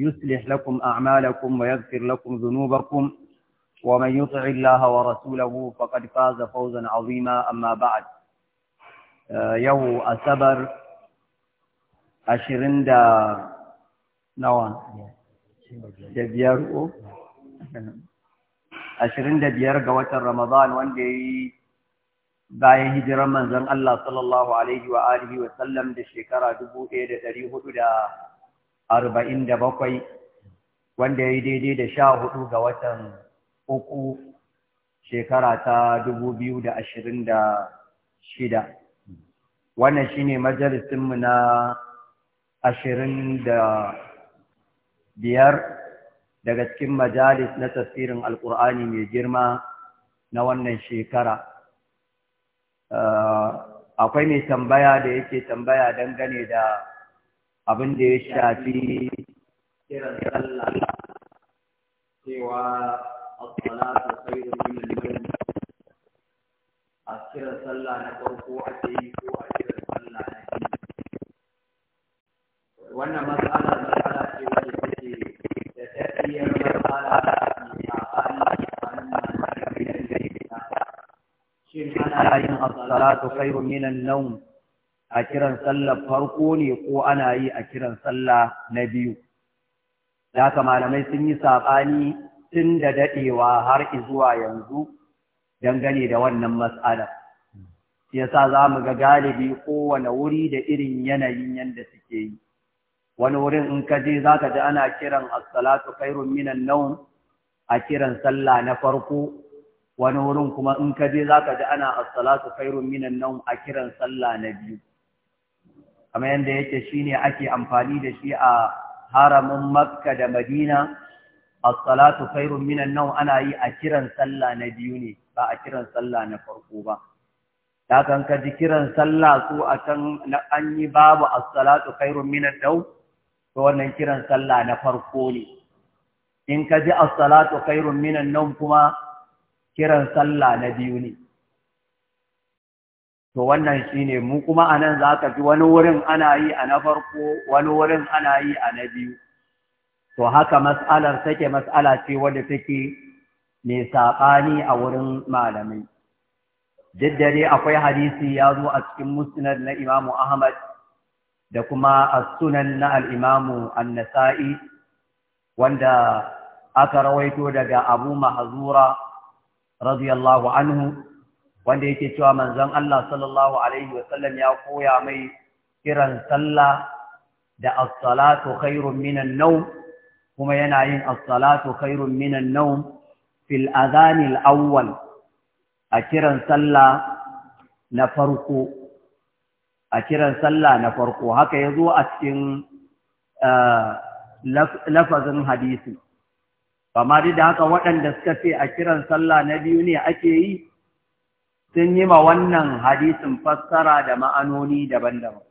يصلح لكم أعمالكم ويغفر لكم ذنوبكم ومن يطع الله ورسوله فقد فاز فوزا عظيما أما بعد يو أسبر أشرين دا نوان دبيار أشرين دبيار قوة رمضان وان دي bayan hijirar manzon Allah sallallahu alaihi wa alihi wa sallam da shekara 1400 arba'in da bakwai wanda ya yi daidai da sha hudu ga watan uku shekara ta dubu biyu da ashirin da shida wannan shi shine majalisinmu na ashirin da biyar daga cikin majalis na tafsirin alkur'ani mai girma na wannan shekara eh, akwai mai tambaya da yake tambaya dangane da abin da ya shafi kiran Allah cewa as-salatu khairun min al-majlis a kiran sallah na farko ake yi ko a kiran sallah na biyu wannan matsala matsala ce wacce take da tafiyar matsala ne a hannun shin ana yin as-salatu khairun min an-nawm a kiran sallar farko ne ko ana yi a kiran sallah na biyu da haka malamai sun yi saɓani tun da daɗewa har zuwa yanzu dangane da wannan Ya yasa za mu ga galibi kowane wuri da irin yanayin yadda suke yi wani wurin in ka je za ka ji ana kiran assalatu khairun minan naun a kiran sallah na farko wani wurin kuma in ka je za ka ji ana assalatu khairun minan naun a kiran sallah na biyu kamar yadda ya ce shi ne ake amfani da shi a haramin makka da madina as-salatu khairun minan nan ana yi a kiran sallah na biyu ne ba a kiran sallah na farko ba ta kan ka ji kiran sallah su a can an yi babu as-salatu khairun minan nan, to wannan kiran sallah na farko ne in ka ji as-salatu khairun minan nan kuma kiran sallah na biyu ne to wannan shine mu kuma anan za ka ji wani wurin ana yi a na farko wani wurin ana yi a na biyu to haka mas'alar take mas'ala ce wadda take mai saɓani a wurin malamai duk dare akwai hadisi ya zo a cikin musnad na imamu ahmad da kuma as-sunan na al-imamu an-nasa'i wanda aka rawaito daga abu mahzura radiyallahu anhu wanda yake cewa manzon Allah sallallahu alaihi wasallam ya koya mai kiran sallah da as-salatu khairun minan nawm kuma yana yin as-salatu khairun minan nawm fil adhan al-awwal a kiran sallah na farko a kiran sallah na farko haka yazo a cikin eh, lafazin hadisi amma da haka waɗanda suka ce a kiran sallah na biyu ne ake yi sun yi ma wannan hadisin fassara da ma'anoni daban-daban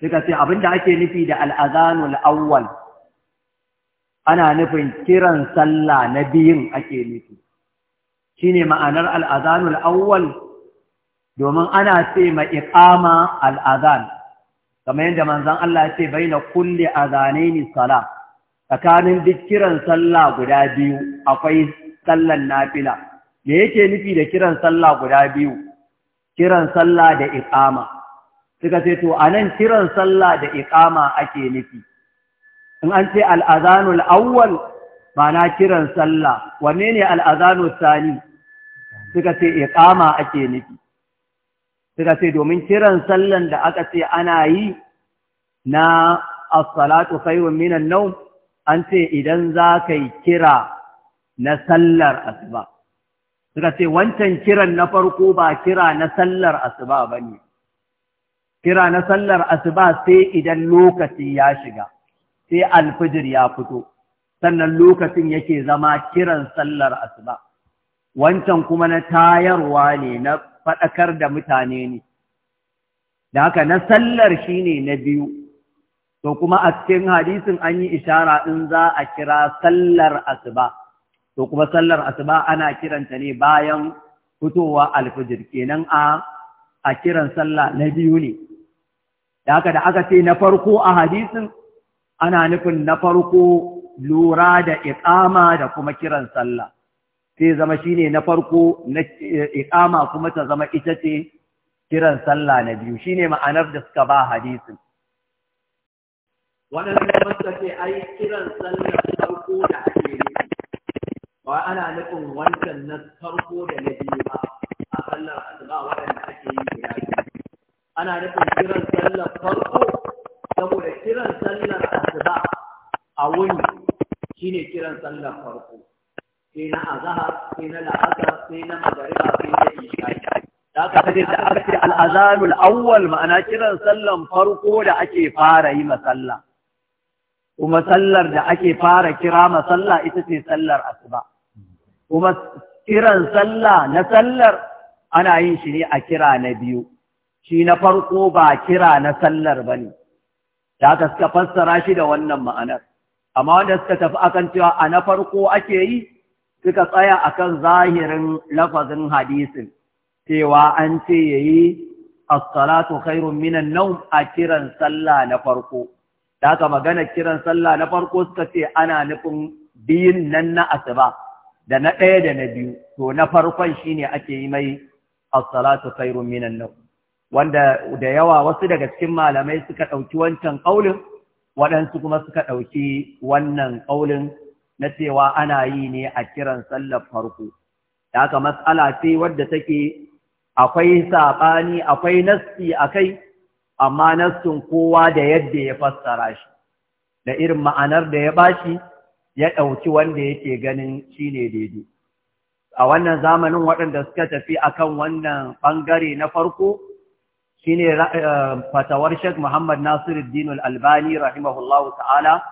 suka ce da ake nufi da al'azanul awwal ana nufin kiran sallah na biyun ake nufi Shi ne ma'anar al'azanul awwal domin ana ce ma iqama al'azan kamar yadda manzan Allah na kulle baina kulli ni sala, tsakanin duk kiran sallah guda biyu akwai sallan nafila me yake nufi da kiran sallah guda biyu kiran sallah da iqama suka ce to anan kiran sallah da iqama ake nufi in an ce al'azanul awwal mana kiran sallah wanne ne al'azanul sani suka ce iqama ake nufi suka ce domin kiran sallan da aka ce ana yi na as-salatu khayrun minan nawm an ce idan za ka kira na sallar asuba suka ce wancan kiran na farko ba kira na sallar asuba ba ne kira na sallar asuba sai idan lokaci ya shiga sai alfijir ya fito sannan lokacin yake zama kiran sallar asuba wancan kuma na tayarwa ne na faɗakar da mutane ne da haka na sallar shi ne na biyu to kuma a cikin hadisin an yi ishara in za a kira sallar asuba to kuma sallar asuba ana kiranta ne bayan fitowa alfajir kenan a a kiran sallah na biyu ne da haka da aka ce na farko a hadisin ana nufin na farko lura da iqama da kuma kiran sallah sai zama shine na farko na iqama kuma ta zama ita ce kiran sallah na biyu shine ma'anar da suka ba hadisin wannan ne wanda ke ai kiran sallah farko da ake ba ana nufin wancan na farko da na biyu ba a sallar asuba waɗanda ake yi guda ana nufin kiran sallar farko saboda kiran sallar asuba a wuni shine kiran sallar farko sai na azhar sai na la'asar sai na magariba sai na isha'i da aka kaje da aka ce al'azanul awwal ma'ana kiran sallan farko da ake fara yi masalla kuma sallar da ake fara kira masalla ita ce sallar kuma kiran sallah na sallar ana yin shi ne a kira na biyu shi na farko ba kira na sallar ba ne da aka suka fassara shi da wannan ma'anar amma wanda suka tafi akan cewa a na farko ake yi suka tsaya akan zahirin lafazin hadisin cewa an ce yayi yi salatu khairun minan nawm a kiran sallah na farko da aka magana kiran sallah na farko suka ce ana nufin biyun nan na asuba da na ɗaya da na biyu to na farkon shine ake yi mai asalatu salatu minan nau' wanda da yawa wasu daga cikin malamai suka ɗauki wancan ƙaulin waɗansu kuma suka ɗauki wannan ƙaulin na cewa ana yi ne a kiran sallar farko da aka matsala ce wadda take akwai saɓani akwai nassi a kai amma nassin kowa da yadda ya fassara shi da irin ma'anar da ya bashi ya ɗauki wanda yake ganin shi ne daidai. A wannan zamanin waɗanda suka tafi akan wannan ɓangare na farko shi ne eh, fatawar Sheikh Muhammad Nasiruddin Albani rahimahullahu ta'ala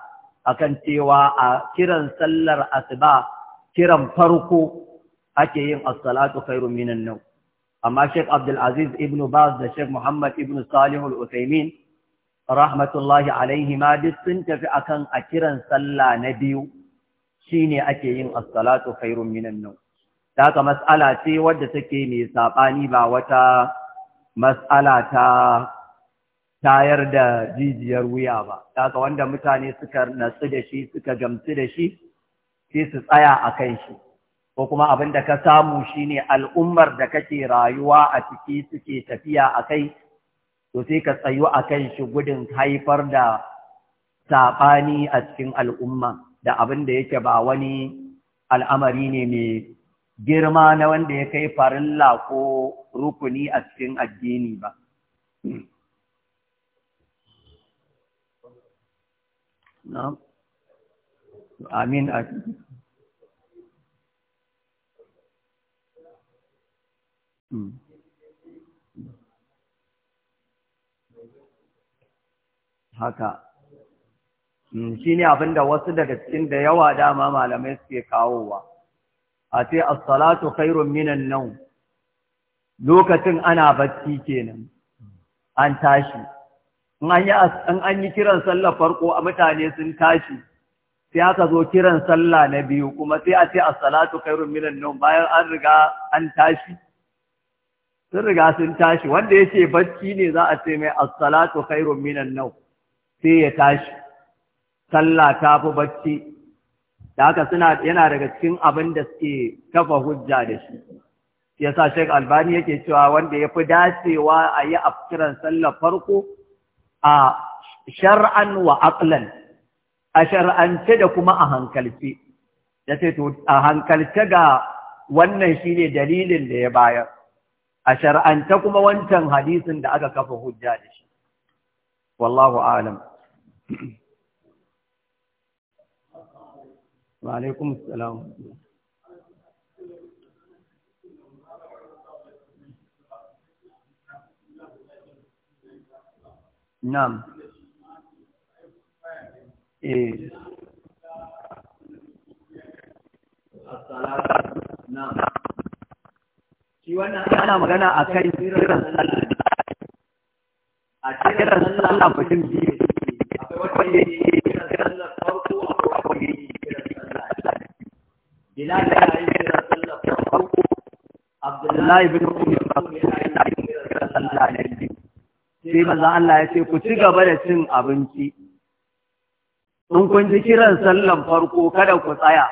akan cewa a kiran sallar asuba kiran farko ake yin as-salatu khairu minan nau. amma Sheikh Abdulaziz ibn Baz da Sheikh Muhammad ibn Salih al rahmatullahi alaihi ma duk sun tafi akan a kiran sallah na biyu shine ake yin as-salatu khairun minan nawm daga mas'ala ce wadda take mai sabani ba wata mas'ala ta tayar da jijiyar wuya ba daga wanda mutane suka natsu da shi suka gamsu da shi sai su tsaya akan shi ko kuma abin da ka samu shine al'ummar da kake rayuwa a ciki suke tafiya akai to sai ka tsayu akan shi gudun haifar da saɓani a cikin al'umma da abin da yake ba wani al'amari ne mai girma na wanda ya kai farilla ko rukuni a cikin addini ba. Amin a hmm. Haka. Mm, shi ne abin da wasu daga cikin da yawa dama malamai suke kawowa a ce assalatu khairun minan nau lokacin ana bacci kenan an tashi in an yi kiran sallar farko a mutane sun tashi sai aka zo kiran sallah na biyu kuma sai a ce assalatu khairun minan nau bayan an riga an tashi sun riga sun tashi wanda ya ce bacci ne za a ce mai assalatu khairun minan nau sai ya tashi sallah ta fi bacci da suna yana daga cikin abin da suke kafa hujja da shi Ya sa Sheikh Albani yake cewa wanda ya fi dacewa a yi afkiran sallar farko a shar'an wa aqlan a shar'ance da kuma a hankalce ce to a hankalce ga wannan shi ne dalilin da ya bayar a shar'ance kuma wancan hadisin da aka kafa hujja da shi wallahu a'lam وعليكم السلام salam na'am eh na'am wannan ana magana a kan kiran sallah a kiran sallah mutum biyu Abdullahi bin Umar yin kiran sallah na biyu sai manzon Allah ya ce ku ci gaba da cin abinci in kun ji kiran sallan farko kada ku tsaya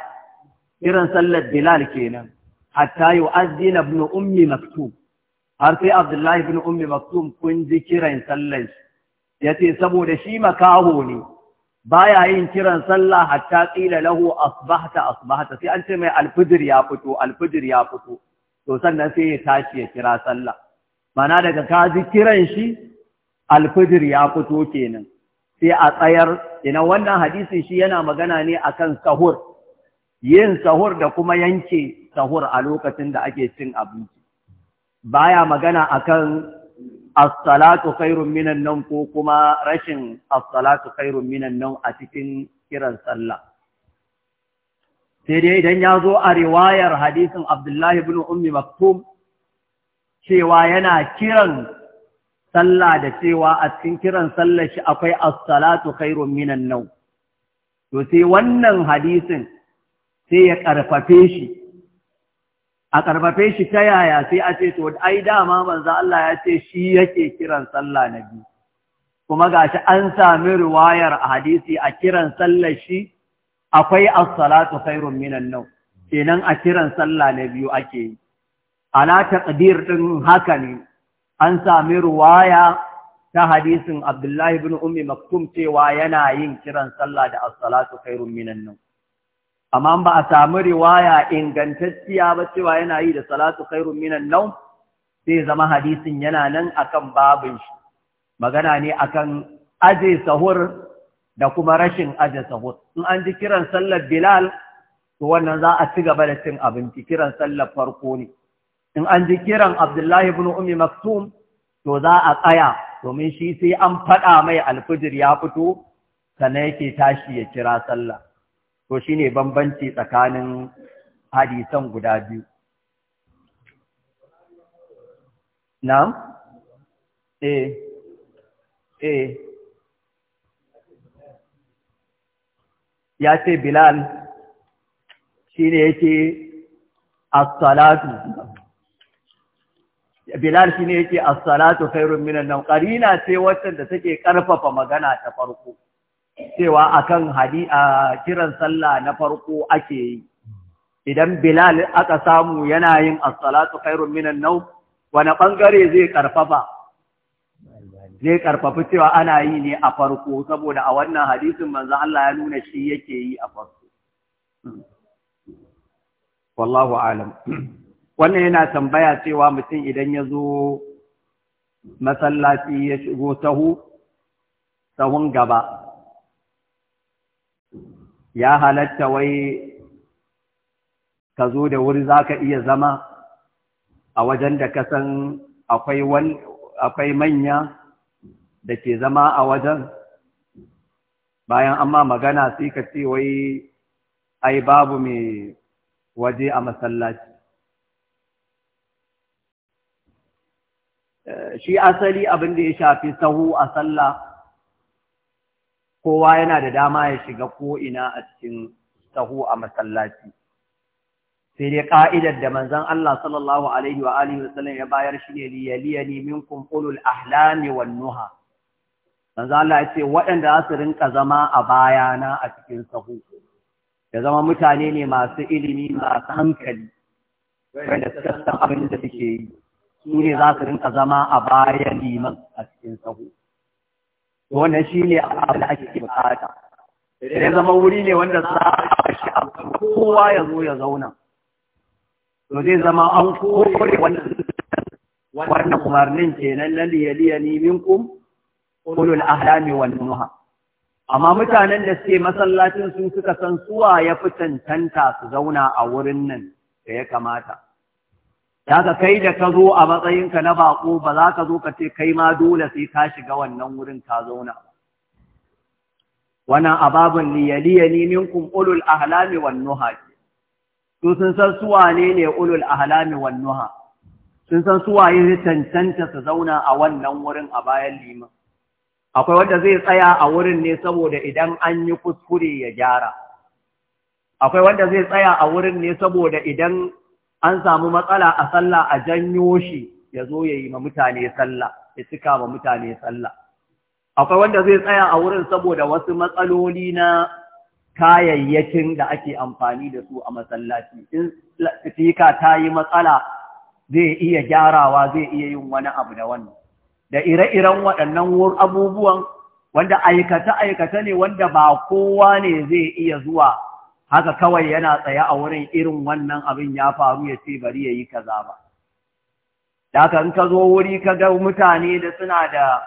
kiran sallar Bilal kenan hatta yu'azzina ibn ummi maktub har sai Abdullahi bin ummi maktum kun ji kiran sallan shi yace saboda shi makaho ne baya yin kiran sallah hatta tsila lahu asbahta asbahta sai an ce mai alfijir ya fito alfijir ya fito to sannan sai ya tashi ya kira sallah mana daga kaji kiran shi alfijir ya fito kenan sai a tsayar ina wannan hadisin shi yana magana ne akan sahur yin sahur da kuma yanke sahur a lokacin da ake cin abinci baya magana akan as-salatu khairun minan nawm ko kuma rashin as-salatu khairun minan nawm a cikin kiran sallah sai dai idan ya zo a riwayar hadisin abdullahi bin ummi maktum cewa yana kiran sallah da cewa a cikin kiran sallar shi akwai asalatu khairun minan nau. to sai wannan hadisin sai ya karfafe shi a karfafe shi ta yaya sai a ce to ai dama manzo Allah ya ce shi yake kiran sallah na biyu kuma gashi an sami riwayar hadisi a kiran sallar shi akwai as-salatu khairun minan naw kenan a kiran sallah na biyu ake yi ala taqdir din haka ne an sami ruwaya ta hadisin Abdullahi ibn Ummi Maktum cewa yana yin kiran sallah da as-salatu khairun minan naw amma ba a sami riwaya ingantacciya ba cewa yana yi da salatu khairun minan naw sai zama hadisin yana nan akan babin shi magana ne akan aje sahur da kuma rashin aje sahur in an ji kiran sallar bilal to wannan za a ci gaba da cin abinci kiran sallar farko ne in an ji kiran abdullahi ibn Umi maktum to za a tsaya domin shi sai an faɗa mai alfijir ya fito sannan yake tashi ya kira sallah to shine bambanci tsakanin hadisan guda biyu na'am eh eh ya ce bilal shi ne yake asalatu. bilal shi ne yake asalatu, khairun minan nan karina ce waccan da take ƙarfafa magana ta farko cewa akan hadi a kiran sallah na farko ake yi idan bilal aka samu yana yin asalatu khairun minan nan wani bangare zai ƙarfafa? zai karfafi cewa ana yi ne a farko saboda a wannan hadisin manzo Allah ya nuna shi yake yi a farko wallahu alam wannan yana tambaya cewa mutum idan ya zo masallaci ya shigo tahu tahun gaba ya halatta wai ka zo da wuri za ka iya zama a wajen da ka san akwai manya da ke zama a wajen bayan amma magana sai ka ce wai ai babu mai waje a masallaci eh, shi asali abin da ya shafi sahu a sallah kowa yana da dama ya shiga ko'ina a cikin sahu a masallaci sai dai ƙa'idar da manzan Allah sallallahu Alaihi wa wasallam ya bayar shi ne liyaliya ne minkum ulul ahlami wan nuha manzo Allah ya ce waɗanda za su rinka zama a bayana a cikin sahu ya zama mutane ne masu ilimi masu hankali wanda suka san abin da suke yi su ne za su rinka zama a bayan liman a cikin sahu wannan shi ne abin da ake bukata ya zama wuri ne wanda za a shi kowa ya zo ya zauna to zai zama an kore wannan umarnin kenan na liyaliya ni minkum ulul ahlami wal nuha amma mutanen da suke masallacin su suka san suwa ya fi cancanta su zauna a wurin nan da ya kamata ka kai da ka zo a matsayinka na bako ba za ka zo ka ce kai ma dole sai ka shiga wannan wurin ka zauna wannan ababun ne minkum ulul ahlami wan nuha su sun san suwa ne ne ulul ahlami wan nuha sun san suwaye cancanta su zauna a wannan wurin a bayan liman akwai wanda zai tsaya a wurin ne saboda idan an yi kuskure ya gyara akwai wanda zai tsaya a wurin ne saboda idan an samu matsala a sallah a janyo shi ya zo ya yi ma mutane sallah ya cika ma mutane sallah akwai wanda zai tsaya a wurin saboda wasu matsaloli na kayayyakin da ake amfani da su a masallaci in fika ta yi matsala zai iya gyarawa zai iya yin wani abu da wannan da ire-iren waɗannan abubuwan wanda aikata-aikata ne wanda ba kowa ne zai iya zuwa haka kawai yana tsaye a wurin irin wannan abin ya faru ya ce bari ya yi kaza ba. Da in ka zo wuri ka ga mutane da suna da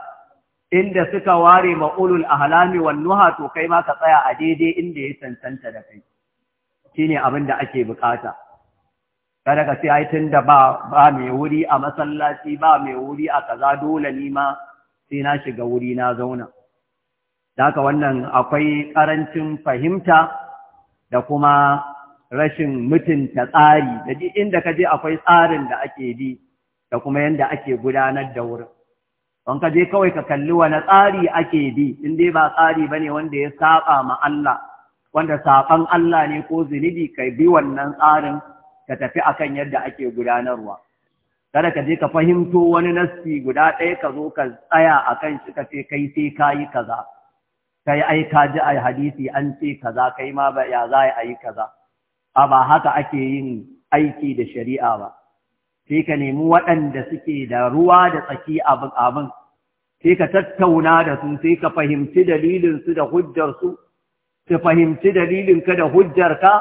inda suka ware ma'ulul a wan nuha to kai ma ka tsaya a daidai inda ya cancanta da kai. Shi ne abin da ake bukata. kada ka ce aitin da ba ba mai wuri a masallaci ba mai wuri a kaza dole ni ma sai na shiga wuri na zauna daga wannan akwai karancin fahimta da kuma rashin mutunta tsari da duk inda ka je akwai tsarin da ake bi da kuma yanda ake gudanar da wurin don ka je kawai ka kalli wani tsari ake bi in dai ba tsari ba ne wanda ya saba ma Allah wanda saban Allah ne ko zunubi kai bi wannan tsarin ka tafi akan yadda ake gudanarwa kada ka je ka fahimto wani nassi guda ɗaya ka zo ka tsaya akan shi ka ce kai sai ka yi kaza kai ai ka ji a hadisi an ce kaza kai ma ba ya za a yi kaza a ba haka ake yin aiki da shari'a ba sai ka nemi waɗanda suke da ruwa da tsaki abin abin sai ka tattauna da su sai ka fahimci dalilinsu da hujjarsu su fahimci dalilinka da hujjarka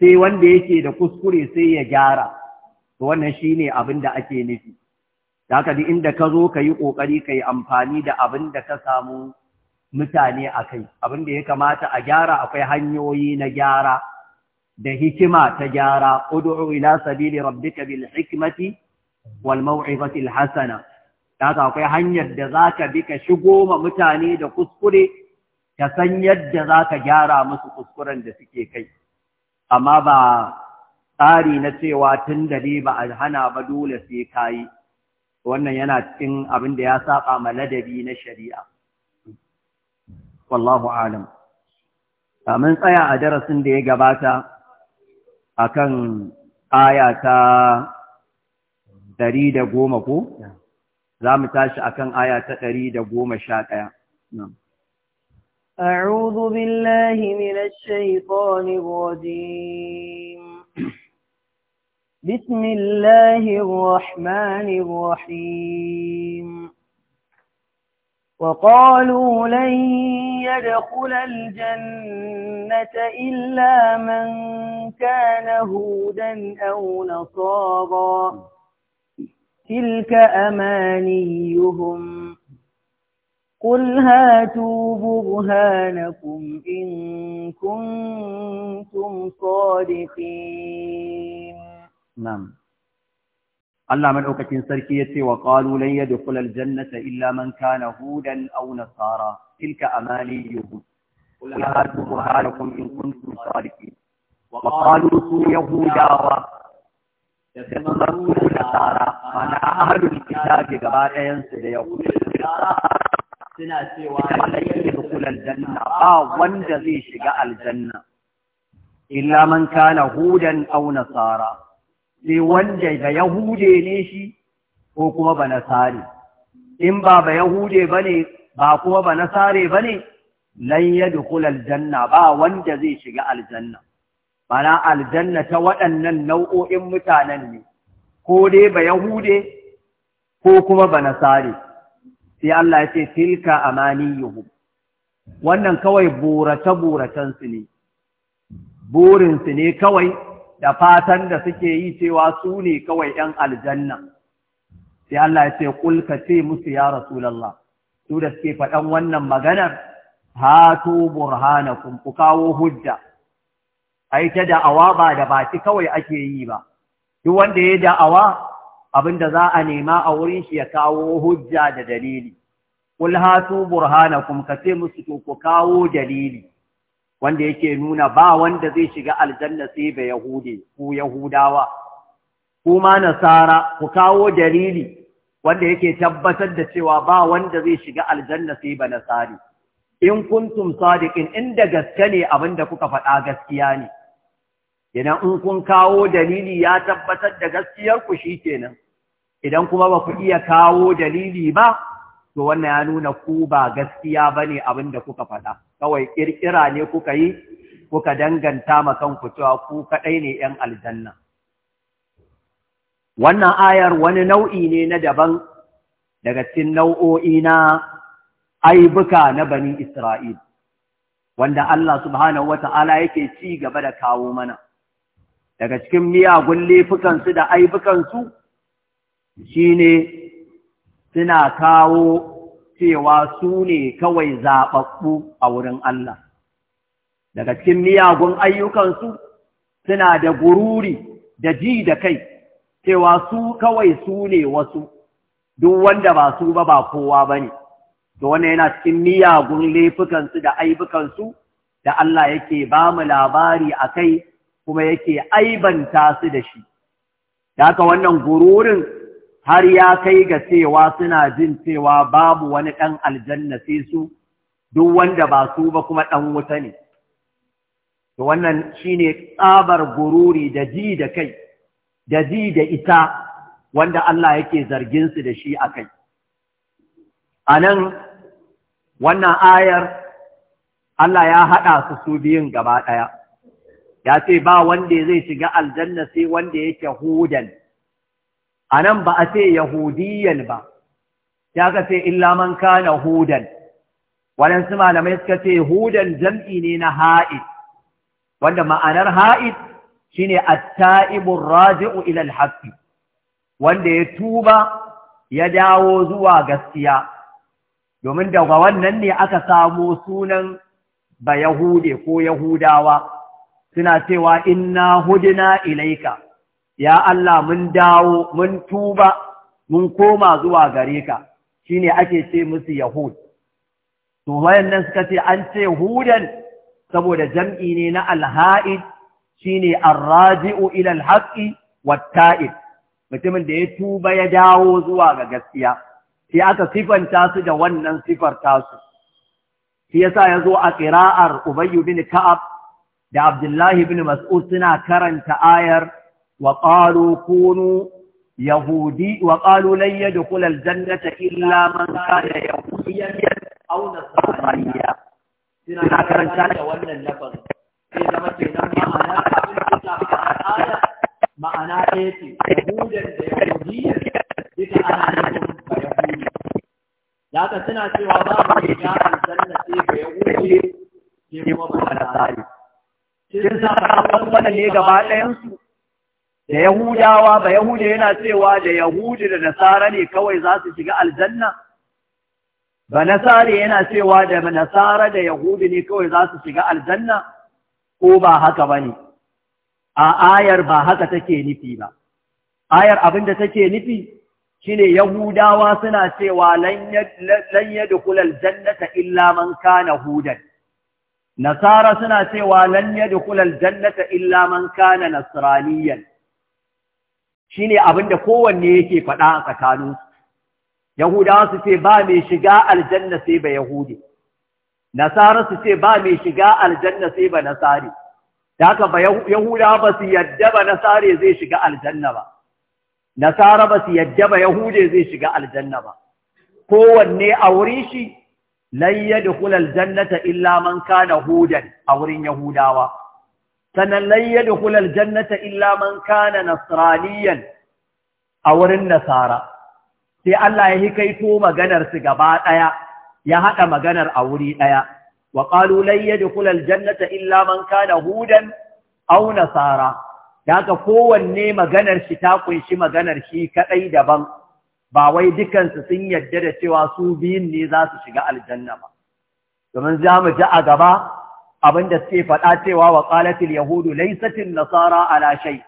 sai wanda yake da kuskure sai ya gyara to wannan shine abin da ake nufi haka duk inda ka zo ka yi ƙoƙari ka yi amfani da abin da ka samu mutane a kai abin da ya kamata a gyara akwai hanyoyi na gyara da hikima ta gyara ud'u ila sabili rabbika bil hikmati wal maw'izati al hasana haka akwai hanyar da zaka bi ka shigo ma mutane da kuskure ka san yadda ka gyara musu kuskuren da suke kai amma ba tsari na cewa tun da ne ba a hana ba dole sai ka yi wannan yana cikin abin da ya saba ma ladabi na shari'a wallahu alam mun tsaya a darasin da ya gabata kan aya ta ɗari ko za mu tashi akan aya ta ɗari da goma sha ɗaya أعوذ بالله من الشيطان الرجيم بسم الله الرحمن الرحيم وقالوا لن يدخل الجنة إلا من كان هودا أو نصارا تلك أمانيهم قل هاتوا برهانكم إن كنتم صادقين نعم الله من أوكتين سركية وقالوا لن يدخل الجنة إلا من كان هودا أو نصارى تلك أمانيهم قل هاتوا برهانكم إن كنتم صادقين وقالوا سوء يهودا da نصارى da أهل الكتاب غارين kitabi gaba suna cewa lalle yadkhul janna ba wanda zai shiga aljanna illa man kana hudan aw nasara sai wanda da yahude ne shi ko kuma ba nasare in ba ba yahude bane ba kuma ba nasare ne? lan yadkhul aljanna ba wanda zai shiga aljanna bana aljanna ta waɗannan nau'o'in mutanen ne ko dai ba yahude ko kuma ba nasare sai Allah ya ce tilka amaniyuhum wannan kawai burace buracen su ne burin su ne kawai da fatan da suke yi cewa su ne kawai ɗan aljanna sai Allah ya ce kul ka ce musu ya rasulullah su da suke faɗan wannan maganar hatu burhanakum ku kawo hujja ai ta da'awa ba da baki kawai ake yi ba duk wanda ya da Awa? abinda za a nema a wurin shi ya kawo hujja da dalili kul hatu kum ka ce musu to ku kawo dalili wanda yake nuna ba wanda zai shiga aljanna sai ba yahude ku yahudawa kuma nasara ku kawo dalili wanda yake tabbatar da cewa ba wanda zai shiga aljanna sai ba nasari in kuntum sadiqin inda gaske ne da kuka faɗa gaskiya ne idan in kun kawo dalili ya tabbatar da gaskiyarku shi kenan idan kuma ba ku iya kawo dalili ba to wannan ya nuna ku ba gaskiya ba ne abin da kuka faɗa kawai ƙirƙira ne kuka yi kuka danganta ma kanku cewa ku kaɗai ne ‘yan aljanna wannan ayar wani nau'i ne na daban daga cikin nau'o'i na aibuka na bani Isra'il, wanda Allah subhanahu wa ta'ala yake ci gaba da kawo mana. daga cikin miyagun laifukansu da aibukansu shi ne suna kawo cewa su ne kawai zaɓaɓɓu a wurin Allah. Daga cikin miyagun ayyukansu suna da gururi da ji da kai, cewa su kawai su ne wasu, duk wanda ba su ba ba kowa ba ne. To wanda yana cikin miyagun laifukansu da aibukansu da Allah yake ba mu labari a kai kuma yake aibanta su da shi da haka wannan gururin har ya kai ga cewa suna jin cewa babu wani ɗan aljanna sai su duk wanda ba su ba kuma ɗan wuta ne to wannan shi ne tsabar gururi da ji da kai da ji da ita wanda Allah yake zargin su da shi a akai nan, wannan ayar Allah ya haɗa su su biyun gaba ɗaya ya ce ba wanda zai shiga aljanna sai wanda yake hudan a nan ba a ce yahudiyan ba ya ka illa man kana hudan waɗansu malamai suka ce hudan jam'i ne na ha'id wanda ma'anar ha'id shine at-ta'ibur raji'u ila al wanda ya tuba ya dawo zuwa gaskiya domin daga wannan ne aka samo sunan ba yahude ko yahudawa suna cewa inna hudina ilaika ya Allah mun dawo mun tuba mun koma zuwa gare ka shine ake ce musu yahud to wayannan suka ce an ce hudan saboda jam'i ne na alha'id shine arraji'u ila alhaqi watta'id mutumin da ya tuba ya dawo zuwa ga gaskiya sai aka sifanta su da wannan sifar tasu shi yasa yazo a qira'ar Ubay bin Ka'ab da Abdullahi bin Mas'ud suna karanta ayar wa qalu kunu yahudi wa qalu lan yadkhul aljannata illa man kana yahudiyan aw nasraniya suna karanta da wannan lafazin sai zama kenan ma'ana abin da ta fara ma'ana ɗaya ce yahudan da yahudiyan duka ana nufin ba yahudi da haka suna cewa babu ne ya aljanna sai ba yahudi sai kuma ba nasrani kin san kafan wannan ne gaba ɗayansu da Yahudawa ba Yahuda yana cewa da Yahudi da Nasara ne kawai za su shiga aljanna ba Nasara yana cewa da Nasara da Yahudi ne kawai za su shiga aljanna ko ba haka bane a ayar ba haka take nufi ba ayar abin da take nufi shine Yahudawa suna cewa lan kulal jannata illa man kana hudan nasara suna cewa lan yadkhul jannata illa man kana nasraniyan shine abinda kowanne yake faɗa a tsakanin yahudawa su ce ba mai shiga aljanna sai ba yahudi nasara su ce ba mai shiga aljanna sai ba nasari da haka ba yahudawa ba su yadda ba nasare zai shiga aljanna ba nasara ba su yadda ba yahude zai shiga aljanna ba kowanne aure shi lan yadkhul aljannata illa man kana hudan a wurin yahudawa sanan lan yadkhul aljannata illa man kana nasraniyan a wurin nasara sai Allah ya hikaito maganar su gaba daya ya hada maganar a wuri daya wa qalu lan yadkhul aljannata illa man kana hudan aw nasara daga kowanne maganar shi ta kunshi maganar shi kadai daban ba wai dukansu sun yadda da cewa su biyun ne za su shiga aljanna ba domin za mu ji a gaba abinda suke faɗa cewa wa qalatil yahudu laisatin nasara alashai.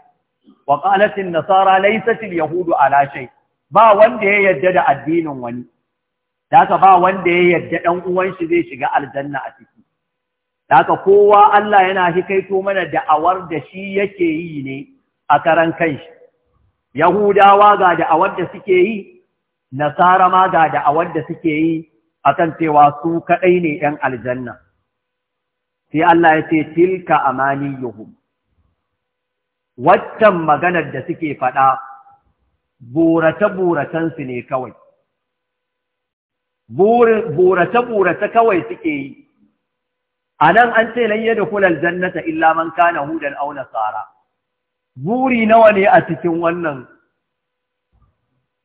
wa nasara laisatin yahudu alashai. ba wanda ya yadda da addinin wani ka ba wanda ya yadda dan uwanshi zai shiga aljanna a ciki ka kowa Allah yana hikaito mana da'awar da shi yake yi ne a karan kanshi yahudawa ga da'awar da suke yi nasara ma ga da'awar da suke yi akan cewa su kaɗai ne ‘yan aljanna sai Allah ya ce tilka amaniyuhum waccan maganar da suke faɗa burace-buracensu ne kawai burace-burace kawai suke yi a nan an ce lan yadda kulal jannata illa man na hudan auna tsara buri nawa ne a cikin wannan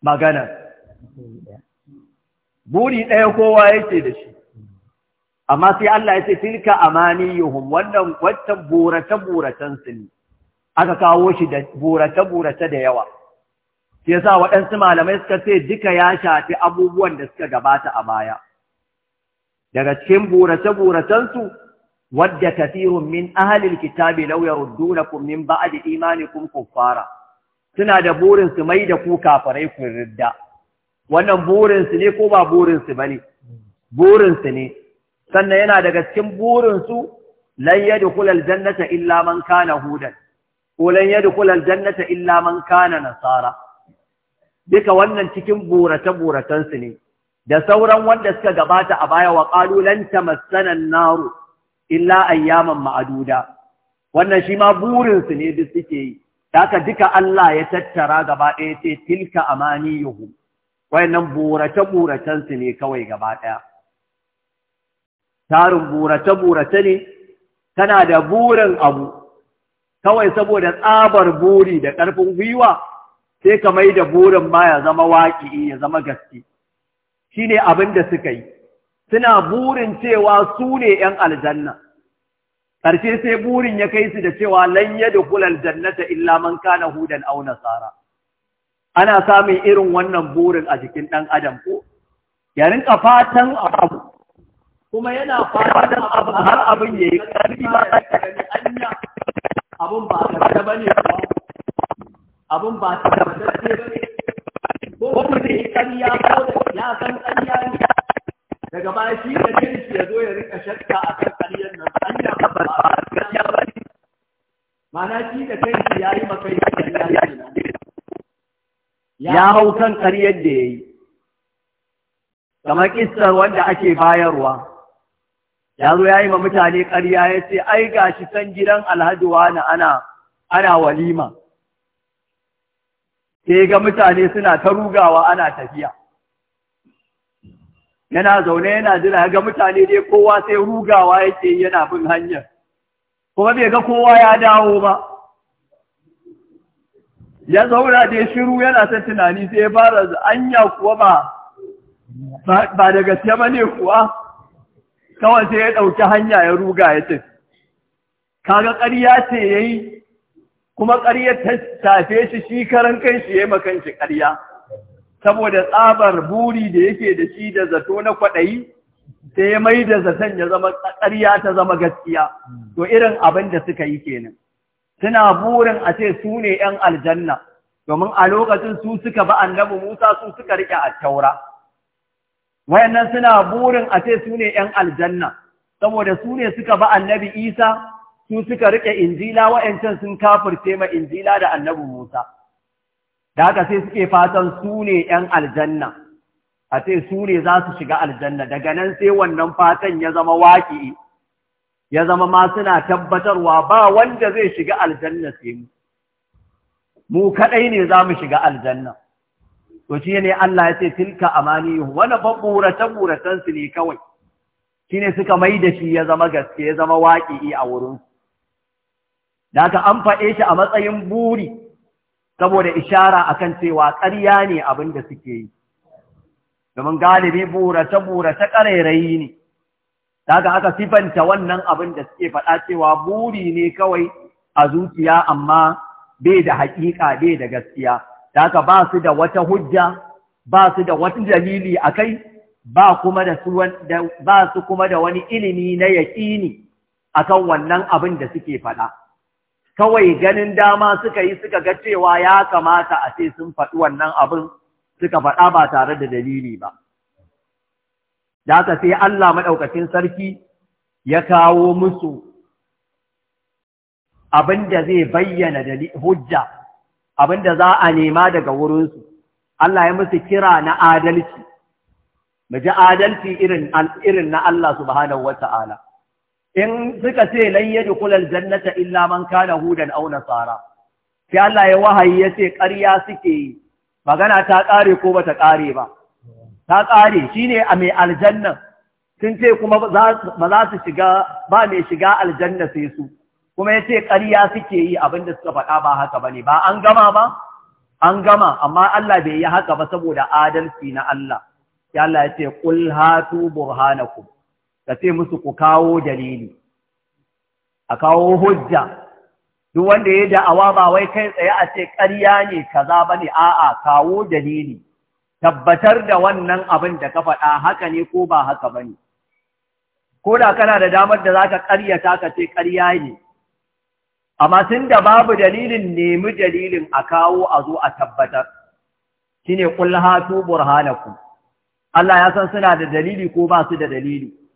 magana buri ɗaya kowa yake da shi amma sai Allah ya ce tilka amaniyuhum wannan waccan burace buracen su ne aka kawo shi da burace burace da yawa sai yasa waɗansu malamai suka ce duka ya shafi abubuwan da suka gabata a baya daga cikin burace buracen su wadda kathirun min ahlil kitabi law yaruddunakum min ba'di imanikum kuffara suna da burin su mai da ku kafirai ku ridda wannan burin su ne ko ba burin su bane burin su ne sannan yana daga cikin burin su lan yadkhul jannata illa man kana hudan ko lan yadkhul jannata illa man kana nasara duka wannan cikin burata buratan su ne da sauran wanda suka gabata a baya wa qalu lan tamassana an illa ayyaman ma'aduda wannan shi ma burinsu ne duk suke yi haka duka Allah ya tattara gaba ɗaya ce tilka amaniyuhu wayannan burace buracensu ne kawai gaba ɗaya tarin burace burace ne Tana da burin abu kawai saboda tsabar buri da ƙarfin gwiwa sai ka mai da burin ma ya zama waƙi ya zama gaske shine abin da suka yi suna burin cewa su ne ‘yan aljanna, ƙarshe sai burin ya kai su da cewa lan da aljanna jannata illa man kana hudan au nasara. Ana samun irin wannan burin a jikin ɗan adam ko, ya rinka fatan abu, kuma yana fatan abu har abin ya yi ƙarfi ba ta ƙarfi anya abin ba a ƙarfi ba ne kuwa, abin ba a ƙarfi ba ne, ko mutum ya ƙarya ya san ƙarya ne. daga baya shi da kirki ya zo ya rika shakka a kan ƙaryar nan anya ba a gaskiya ba ne mana shi da kanki ya yi maka ya hau kan ƙaryar da ya yi kamar kistar wanda ake bayarwa ya zo ya yi ma mutane ƙarya ya ce ai ga shi san gidan alhaji wani ana ana walima sai ga mutane suna ta rugawa ana tafiya yana zaune yana jira ga mutane dai kowa sai rugawa yake yana bin hanyar kuma bai ga kowa ya dawo ba ya zauna dai shiru yana ta tunani sai ya fara anya kuwa ba ba da gaske ba ne kuwa kawai sai ya ɗauki hanya ya ruga ya ce kaga ƙarya ce ya yi kuma ƙarya ta tafe shi shi karan shi ya yi makanci ƙarya saboda tsabar buri da yake da shi da zato na kwaɗayi sai ya mai da zaton ya zama ƙarya ta zama gaskiya to irin abin da suka yi kenan suna burin a ce su ne ‘yan aljanna domin a lokacin su suka ba annabi musa su suka riƙe a taura wayannan suna burin a ce su ne ‘yan aljanna saboda su ne suka ba annabi isa su suka riƙe injila wayancan sun kafirce ma injila da annabi musa da haka sai suke fatan su ne ‘yan aljanna, a sai su ne za su shiga aljanna, daga nan sai wannan fatan ya zama waƙi, ya zama ma suna tabbatarwa ba wanda zai shiga aljanna sai mu. Mu kaɗai ne za mu shiga aljanna. To shi ne Allah ya ce, Tilka amani, wani burace su ne kawai, shi ne suka mai da shi ya zama gaske, ya zama waƙi a wurinsu. Da haka an faɗe shi a matsayin buri. saboda ishara akan cewa ƙarya ne abin da suke yi domin galibi burace burace ƙarairayi ne daga aka sifanta wannan abin da suke faɗa cewa buri ne kawai a zuciya amma bai da haƙiƙa bai da gaskiya daga ba su da wata hujja ba su da wata dalili a kai ba su kuma da wani ilimi na yaƙini kan wannan abin da suke faɗa kawai ganin dama suka yi suka ga cewa ya kamata a ce sun faɗi wannan abin suka faɗa ba tare da dalili ba. Da aka sai Allah maɗaukacin sarki ya kawo musu abin da zai bayyana hujja, abin da za a nema daga wurinsu. Allah ya musu kira na adalci, mu ji adalci irin na Allah subhanahu wa ta'ala. in suka ce lan kula aljannata illa man kana hudan aw nasara sai Allah ya wahayi ya ce ƙarya suke yi magana ta ƙare ko bata ƙare ba ta ƙare shine a mai aljanna sun ce kuma ba za su shiga ba mai shiga aljanna sai su kuma ya ce ƙarya suke yi abinda suka faɗa ba haka ba ba an gama ba an gama amma Allah bai yi haka ba saboda adalci na Allah sai Allah ya ce hatu burhanakum ka ce musu ku kawo dalili a kawo hujja duk wanda ya da'awa ba wai kai tsaye a ce ƙarya ne kaza bane a'a kawo dalili tabbatar da wannan abin da ka faɗa haka ne ko ba haka bane ko da kana da damar da zaka ƙaryata ka ce ƙarya ne amma tun da babu dalilin nemi dalilin a kawo a zo a tabbatar shine qul hatu burhanakum Allah ya san suna da dalili ko ba su da dalili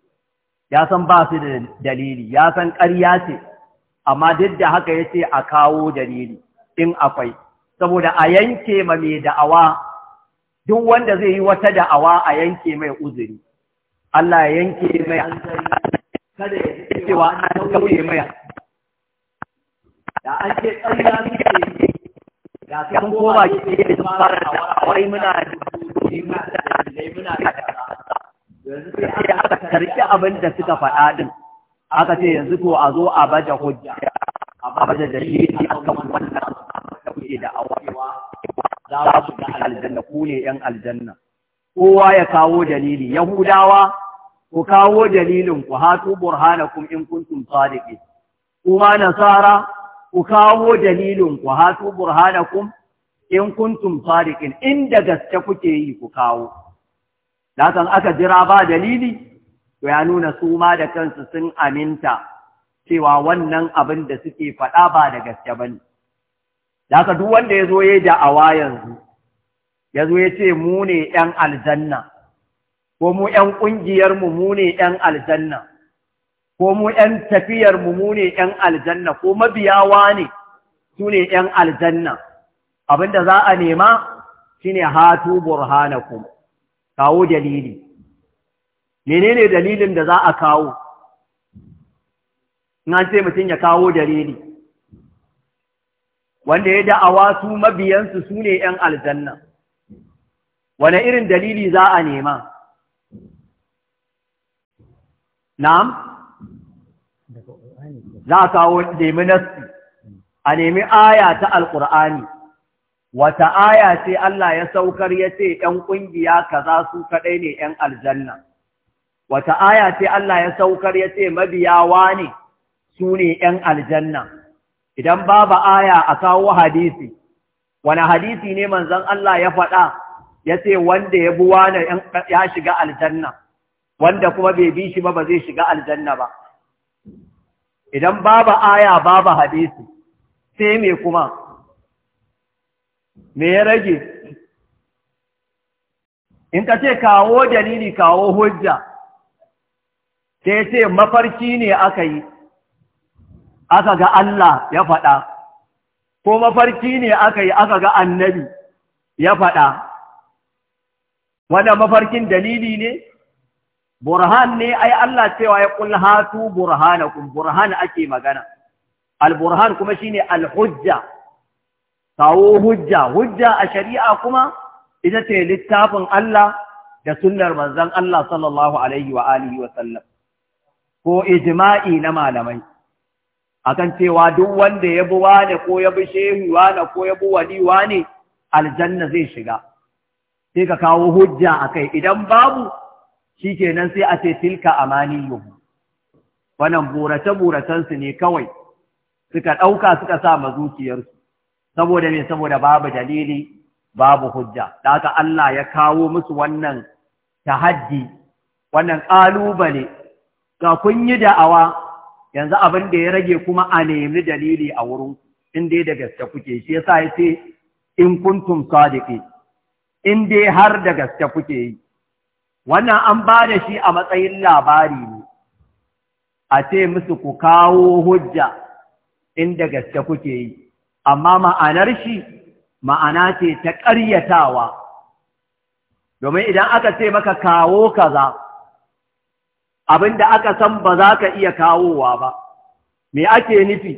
ya san ba su da dalili ya san ƙarya ce amma duk da haka ya ce a kawo dalili in akwai saboda a yanke ma mai da'awa duk wanda zai yi wata da'awa a yanke mai uzuri Allah ya yanke mai kada ya wa an kauye mai da an ce ƙarya suke da sun koma da sun fara muna da muna da yanzu sai aka karki abin da suka faɗa din aka ce yanzu ko a zo a baje hujja a baje a kan wannan da kuke da awayewa za ku ga aljanna ku ne yan aljanna kowa ya kawo dalili yahudawa ku kawo dalilin ku hatu burhanakum in kuntum sadiqin kuma nasara ku kawo dalilin ku hatu burhanakum in kuntum sadiqin inda gaske kuke yi ku kawo Dakan aka jira ba dalili, to ya nuna su ma da kansu sun aminta cewa wannan abin da suke faɗa ba da gaske ba ne. Dakan duk wanda ya zo ya da awa yanzu, ya zo ya ce mu ne ‘yan aljanna, ko mu ‘yan ƙungiyarmu mu ne ‘yan aljanna, ko mu ‘yan tafiyarmu mu ne ‘yan aljanna, ko mabiyawa ne su ne ‘yan aljanna, abin da za a nema shi ne hatu burhanakum. kawo dalili menene dalilin da za a kawo an ce mutum ya kawo dalili wanda ya da'awa su mabiyansu su ne ‘yan aljanna wane irin dalili za a nema na'am za a kawo nemi nasu a nemi aya ta alƙur'ani wata aya ce Allah ya saukar ya ce ‘yan ƙungiya kaza su kaɗai ne ‘yan aljanna, wata aya ce Allah ya saukar ya ce mabiyawa ne su ne ‘yan aljanna, idan babu aya a kawo hadisi, wani hadisi ne manzan Allah ya faɗa ya ce wanda ya buwa na ya shiga aljanna, wanda kuma bai bi shi ba ba zai shiga aljanna ba. Idan babu aya babu hadisi, sai me kuma me ya rage in ka ce kawo dalili kawo hujja sai ce mafarki ne aka yi aka ga Allah ya faɗa ko mafarki ne aka yi aka ga annabi ya faɗa wannan mafarkin dalili ne burhan ne ai Allah cewa ya kul hatu burhanakum burhan ake magana al burhan kuma shine al hujja kawo hujja hujja a shari'a kuma ita ce littafin Allah da sunnar manzon Allah sallallahu alaihi wa alihi wa sallam ko ijma'i na malamai akan cewa duk wanda ya bi wane ko ya bi shehu wane ko ya bi wani wane aljanna zai shiga sai ka kawo hujja a kai, idan babu shi nan sai a ce tilka amaniyuhu wannan burace buracensu ne kawai suka ɗauka suka sa ma zuciyarsu saboda ne saboda babu dalili babu hujja daga Allah ya kawo musu wannan tahaddi wannan ƙalubale ga kun yi da'awa yanzu abin da ya rage kuma a nemi dalili a wurin in dai da gaske kuke shi yasa ya ce in kuntum sadiqi in dai har da gaske kuke yi wannan an ba da shi a matsayin labari ne a ce musu ku kawo hujja in da gaske kuke yi amma ma'anar shi ma'ana ce ta ƙaryatawa domin idan aka ce maka kawo kaza abin da aka san ba za ka iya kawowa ba me ake nufi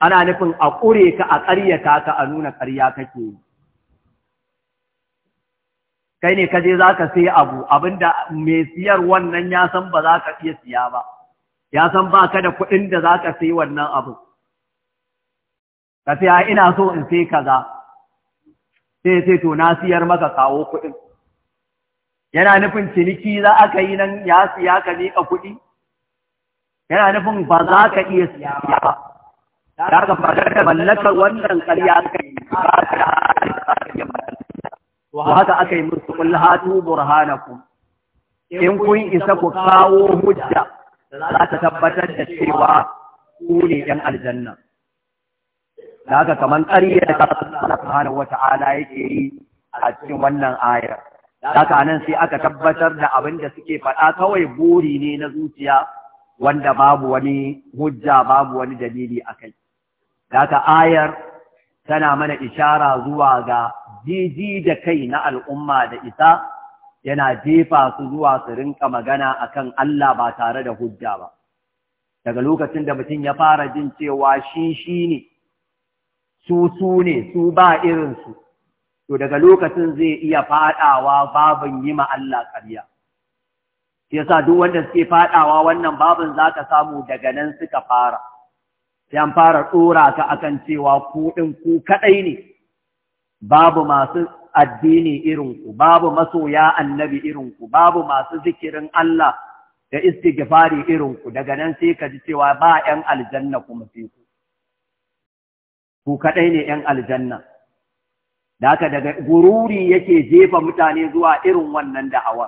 ana nufin a ƙure ka a ƙaryata ka a nuna ƙarya kake yi kai ne kaje za ka sai abu abinda mai siyar wannan ya san ba za ka iya siya ba ya san ba ka da kuɗin da za ka sai wannan abu ka sai ina so in sai kaza sai sai to na siyar maka kawo kuɗin yana nufin ciniki za aka yi nan ya siya ka miƙa kuɗi yana nufin ba za ka iya siya ba da ka fadar da mallakar wannan ƙarya aka yi ba ka da wa haka aka yi musu kulhatu burhanakum in kun isa ku kawo hujja za ta tabbatar da cewa ku ne ɗan aljanna da haka kamar karye da Allah subhanahu wata'ala yake yi a cikin wannan ayar da haka nan sai aka tabbatar da abin da suke faɗa kawai buri ne na zuciya wanda babu wani hujja babu wani dalili a kai da haka ayar tana mana ishara zuwa ga jiji da kai na al'umma da isa yana jefa su zuwa su rinka magana akan Allah ba tare da hujja ba. Daga lokacin da mutum ya fara jin cewa shi shi ne, su su ne su ba irinsu to daga lokacin zai iya faɗawa babin yi ma Allah ƙarya shi sa duk wanda suke faɗawa wannan babin za ka samu daga nan suka fara sai an fara tsora ka akan cewa kuɗin ku kaɗai ne babu masu addini irinku ku babu masoya annabi irinku babu masu zikirin Allah da istighfari irin ku daga nan sai ka ji cewa ba 'yan aljanna kuma sai ku ku kaɗai ne ‘yan aljanna. Da haka daga gururi yake jefa mutane zuwa irin wannan da'awa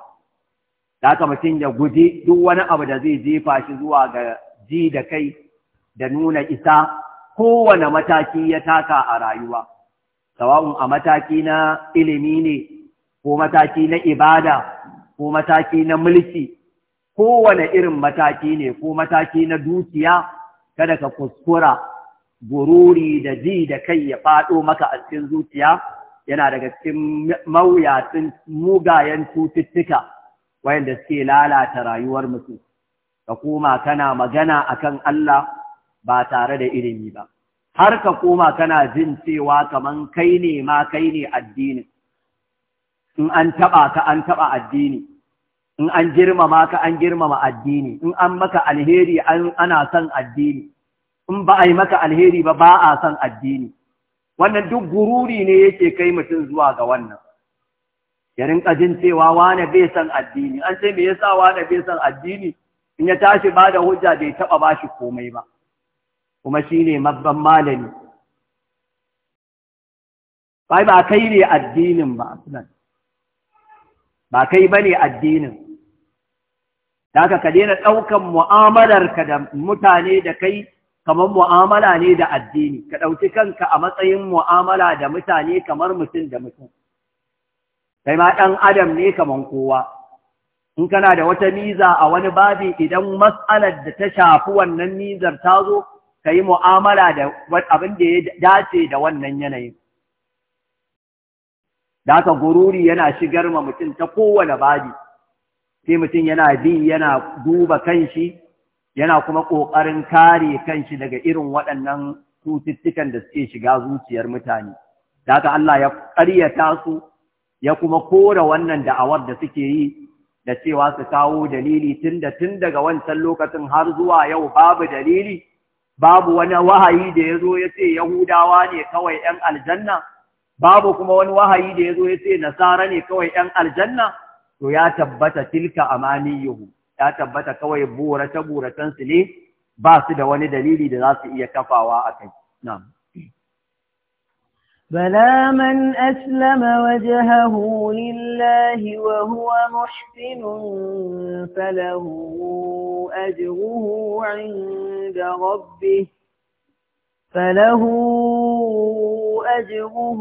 Da haka mutum ya guji duk wani abu da zai jefa shi zuwa ga ji da kai da nuna isa kowane mataki ya taka a rayuwa. Sawa'un a mataki na ilimi ne, ko mataki na ibada, ko mataki na mulki, kowane irin mataki ne, ko mataki na dukiya, kada ka kuskura Bururi da ji da kai ya faɗo maka a cikin zuciya yana daga cikin mawuyacin mugayen cututtuka wayanda suke lalata rayuwar mutum ka koma kana magana akan Allah ba tare da ilimi ba har ka koma kana jin cewa kaman kai ne ma kai ne addinin in an taɓa ka an taɓa addini in an girmama ka an girmama addini in an maka alheri ana son addini in ba a yi maka alheri ba ba a san addini wannan duk gururi ne yake kai mutum zuwa ga wannan yarin ƙajin cewa wane bai san addini an ce me yasa wane bai san addini in ya tashi ba da hujja bai taɓa ba shi komai ba kuma shi ne mabban malami bai ba kai ne addinin ba sunan ba kai ba ne addinin da ka daina ɗaukan mu'amalarka da mutane da kai kamar mu'amala ne da addini ka ɗauki kanka a matsayin mu'amala da mutane kamar mutum da mutum kai ma ɗan adam ne kamar kowa in kana da wata miza a wani babi idan matsalar da ta shafi wannan mizar ta zo ka yi mu'amala da abin da ya dace da wannan yanayin da gururi yana shigar ma mutum ta kowane babi sai mutum yana bi yana duba kanshi yana kuma ƙoƙarin kare kanshi daga irin waɗannan cututtukan da suke shiga zuciyar mutane. Daga Allah ya ƙaryata su, ya kuma kora wannan da'awar da suke yi da cewa su kawo dalili tun da tun daga wancan lokacin har zuwa yau babu dalili, babu wani wahayi da ya zo ya ce Yahudawa ne kawai ‘yan aljanna, babu kuma wani wahayi da ya zo ya ce Nasara ne kawai ‘yan aljanna, to ya tabbata tilka amaniyahu. ta tabbata kawai burace buracen su ne ba su da wani dalili da za su iya kafawa a kai na'am man aslama أسلم lillahi wa huwa محسن falahu ajruhu inda ربه فله أجره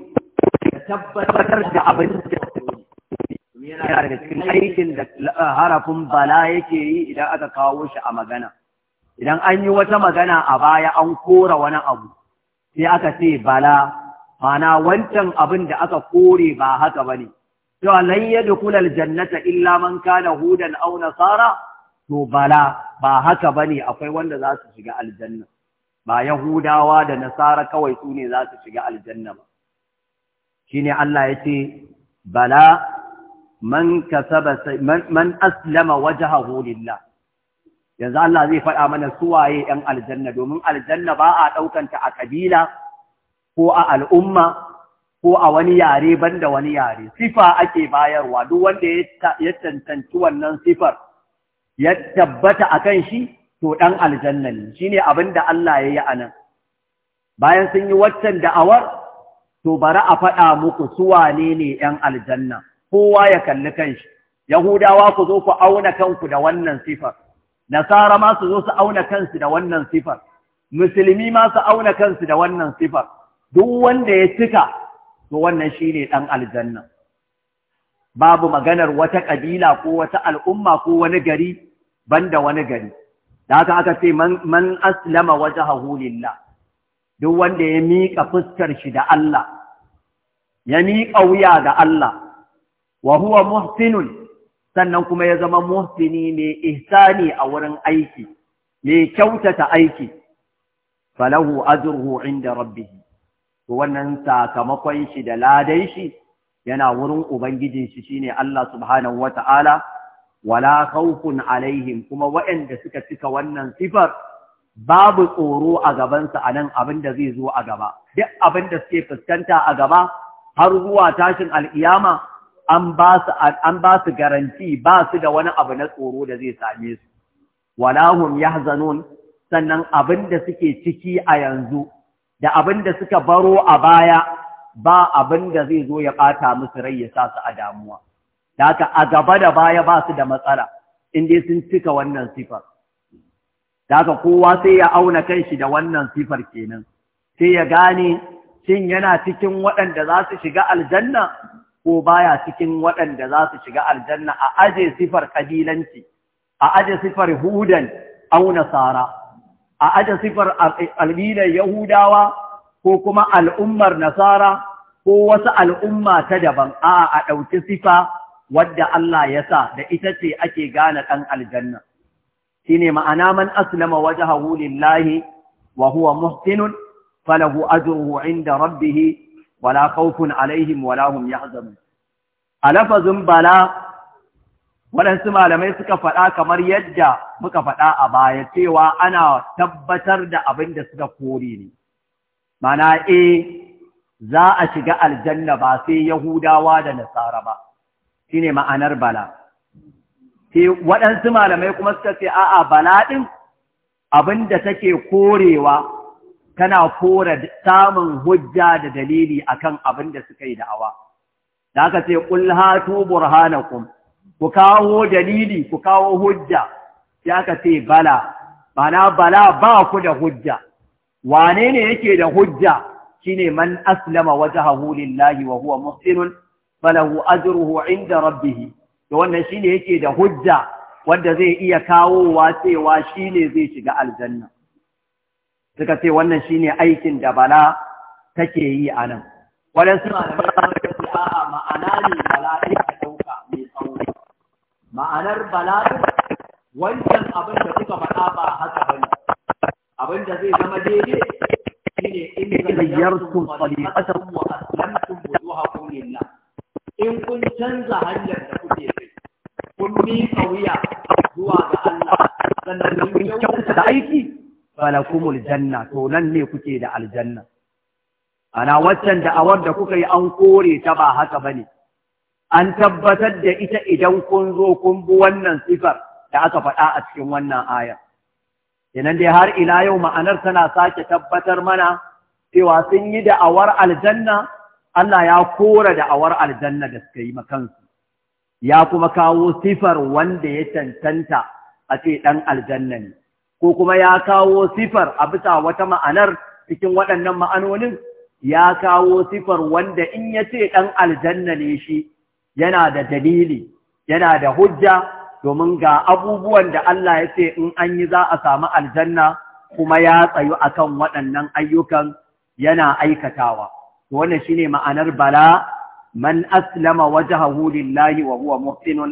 tabbatar da abin da yana da cikin aikin da harafin bala yake yi idan aka kawo shi a magana idan an yi wata magana a baya an kora wani abu sai aka ce bala mana wancan abin da aka kore ba haka ne. to lan kulal jannata, illa man kana hudan au nasara to bala ba haka ne. akwai wanda za su shiga aljanna ba yahudawa da nasara kawai su ne za su shiga aljanna ba shine Allah yace bala man kasaba man aslama wajhahu lillah yanzu Allah zai faɗa mana suwaye ‘yan aljanna domin aljanna ba a ɗaukanta a kabila ko a al'umma ko a wani yare banda wani yare sifa ake bayarwa duk wanda ya tantanci wannan sifar ya tabbata a kan shi to ɗan aljanna ne shi ne abin da Allah ya yi a nan bayan sun yi waccan da'awar to bari a faɗa muku su wane ne ‘yan aljanna, kowa ya kalli kanshi, Yahudawa ku zo ku auna kanku da wannan sifar, Nasara ma su zo su auna kansu da wannan sifar, Musulmi ma su auna kansu da wannan sifar, duk wanda ya cika, to wannan shi ne ɗan aljanna. Babu maganar wata ƙabila ko wata al'umma ko wani gari, banda wani gari. Da aka ce, man aslama wajahahu lillah. duk wanda ya miƙa fuskar shi da Allah ya miƙa wuya ga Allah wa huwa muhsinun sannan kuma ya zama muhsini mai ihsani a wurin aiki mai kyautata aiki falahu azurhu inda rabbih wannan sakamakon shi da ladan shi yana wurin ubangijin shi shine Allah subhanahu Ta'ala, wala khawfun alaihim kuma waɗanda suka cika wannan sifar babu tsoro a gabansa a nan abin da zai zo a gaba duk abin da suke fuskanta a gaba har zuwa tashin al'iyama an ba su garanti ba su da wani abu na tsoro da zai same su walahum yahzanun sannan abin da suke ciki a yanzu da abin da suka baro a baya ba abin da zai zo ya ɓata musu rai ya sa su a damuwa da haka a gaba da baya ba su da matsala in dai sun cika wannan sifar da kowa sai ya auna kanshi da wannan sifar kenan sai ya gane shin yana cikin waɗanda za su shiga aljanna ko baya cikin waɗanda za su shiga aljanna a aje sifar kabilanci a aje sifar hudan auna Sara. a aje sifar albinar yahudawa ko kuma al'ummar nasara ko wasu al'umma ta daban a a ɗauki sifa wadda Allah ya sa da ita ce ake gane ɗan aljanna shine ma'ana man aslama wajhahu lillahi wa huwa muhsinun falahu ajruhu inda rabbih wala khawfun alaihim wala hum yahzanun alafazun bala waɗansu malamai suka faɗa kamar yadda muka faɗa a baya cewa ana tabbatar da abin da suka kore ne mana e eh, za a shiga aljanna ba sai yahudawa da nasara ba shine ma'anar bala waɗansu malamai kuma suka ce a'a bala'in abinda take korewa tana kore samun hujja da dalili akan abinda suka yi da'awa da aka ce qul burhanakum ku kawo dalili ku kawo hujja sai ka ce bala bana bala ba ku da hujja wane ne yake da hujja shine man aslama wajhahu lillahi wa huwa muhsinun falahu ajruhu inda rabbihi to wannan shine yake da hujja wanda zai iya kawowa cewa shine zai shiga aljanna suka ce wannan shine aikin da bala take yi a nan waɗansu suna da ma'ana ne bala take ɗauka mai tsawo ma'anar bala wancan abin da suka faɗa ba haka bane abin da zai zama daidai shine in a tariqatakum wa aslamtum wujuhakum lillah in kun canza hanyar da kuke kai kun miƙa wuya zuwa ga Allah sannan kun kyauta da aiki falakumul janna to nan ne kuke da aljanna ana waccan da'awar da kuka yi an kore ta ba haka bane an tabbatar da ita idan kun zo kun bi wannan sifar da aka faɗa a cikin wannan ayar kenan dai har ila yau ma'anar tana sake tabbatar mana cewa sun yi da'awar aljanna Allah ya kora da awar aljanna da suka yi makansu ya kuma kawo sifar wanda ya cancanta a ce ɗan aljanna ne ko kuma ya kawo sifar a bisa wata ma'anar cikin waɗannan ma'anonin ya kawo sifar wanda in ya ce ɗan aljanna ne shi yana da dalili yana da hujja domin ga abubuwan da Allah ya ce in an yi za a samu aljanna kuma ya tsayu akan waɗannan ayyukan yana aikatawa wannan shine ma'anar bala man aslama wajhahu lillahi wa huwa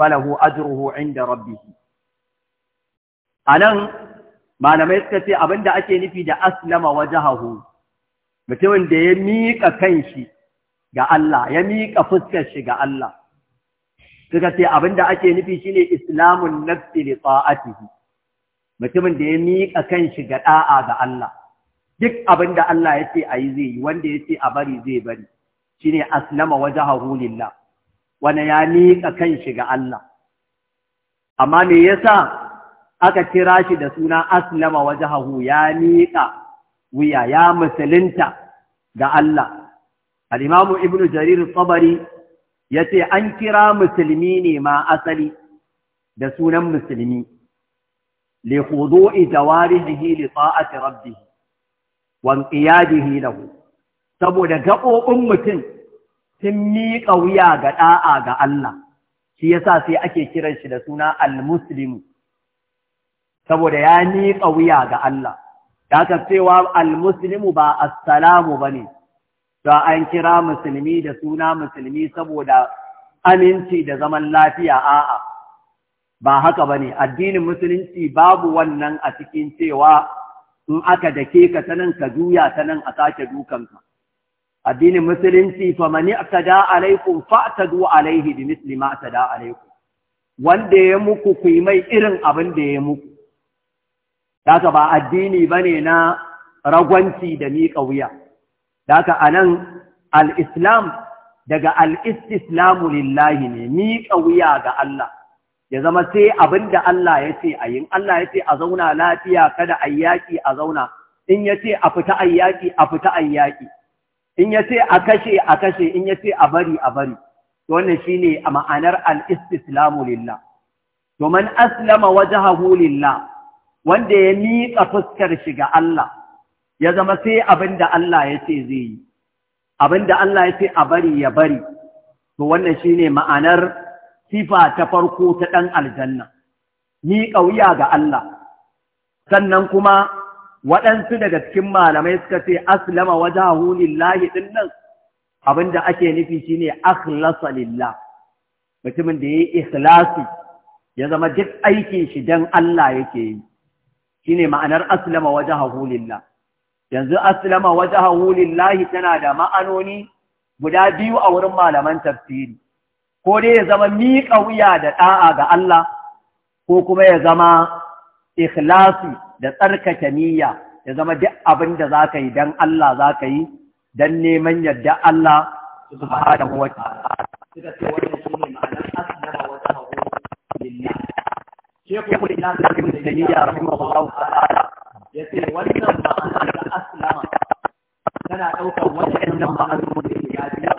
falahu ajruhu inda rabbih anan malamai suka ce abinda ake nufi da aslama wajhahu mutumin da ya miƙa kanshi ga Allah ya miƙa fuskar shi ga Allah suka ce abinda ake nufi shine islamun nafsi li ta'atihi mutumin da ya miƙa kanshi ga da'a ga Allah duk abin da Allah ya ce a yi zai yi wanda ya ce a bari zai bari shine aslama hahu lillah wani ya miƙa kan shi ga Allah amma me yasa aka kira shi da suna aslama hahu ya miƙa wuya ya musulunta ga Allah alimamu ibnu jarir ya yace an kira musulmi ne ma asali da sunan musulmi li hudu'i jawarihi li ta'ati rabbihi wan qiyadihi lahu saboda gaɓoɓin mutum sun miƙa wuya ga ɗa'a ga Allah shi yasa sai ake kiran shi da suna Almuslimu saboda ya miƙa wuya ga Allah da aka cewa almuslimu ba assalamu bane da an kira musulmi da suna musulmi saboda aminci da zaman lafiya a'a ba haka bane addinin musulunci babu wannan a cikin cewa in aka dake ka ta nan ka juya ta nan a sake dukanka addinin musulunci fa mani fa alaikum fa'tadu alaihi bi misli ma sada alaikum wanda ya muku ku yi mai irin abin da ya muku ka ba addini ba ne na ragwanci da miƙa wuya ka anan al-islam daga al-istislamu lillahi ne miƙa wuya ga Allah ya zama sai abin da Allah ya ce a yin Allah ya ce a zauna lafiya kada a yaƙi a zauna in ya ce a fita a yaƙi a fita a yaƙi in ya ce a kashe a kashe in ya ce a bari a bari to wannan shine a ma'anar alistislamu istislamu lillah to man aslama wajhahu lillah wanda ya miƙa fuskar shi ga Allah ya zama sai abin da Allah ya ce zai yi abin da Allah ya ce a bari ya bari to wannan shine ma'anar sifa ta farko ta ɗan aljanna, ni ƙauya ga Allah, sannan kuma waɗansu daga cikin malamai suka ce, Aslama wajahu lillahi ɗinnan abinda abin da ake nufi shi ne, Akhlasa lillah, mutumin da ya yi ikhlasi, ya zama duk aikin shi don Allah yake yi, shi ne ma'anar Aslama wajahu lillah. Yanzu Aslama wajahu lillahi tana da ma'anoni guda biyu a wurin malaman tafsiri. ko dai ya zama miƙa wuya da ɗa'a ga Allah ko kuma ya zama ikhlasi da tsarkake niyya ya zama duk abin da za ka yi don Allah za ka yi don neman yadda Allah subhanahu da ta'ala Ya ce wannan shine ma'anar aslama wa tahu lillah shekul islam ibn taymiyyah rahimahullahu ta'ala yace wannan ma'anar tana daukar wannan ma'anar da ya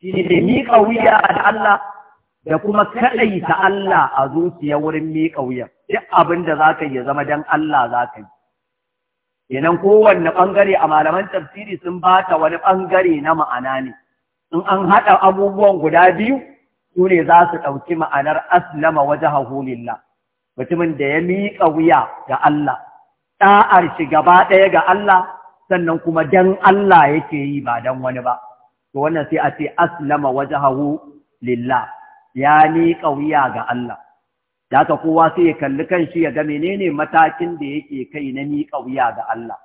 da miƙa wuya da Allah da kuma kaɗai ta Allah a zuciya wurin miƙa wuya duk abin da za ka yi zama don Allah za ka yi kenan kowanne ɓangare a malaman tafsiri sun ba ta wani ɓangare na ma'ana ne in an haɗa abubuwan guda biyu su ne za su ɗauki ma'anar aslama waje hahulillah mutumin da ya miƙa wuya ga Allah ɗa'ar shi gaba ɗaya ga Allah sannan kuma dan Allah yake yi ba dan wani ba to wannan sai a ce aslama wajhahu lillah ya ni kauya ga Allah da kowa sai ya kalli kan shi ya ga menene matakin da yake kai na ni kauya ga Allah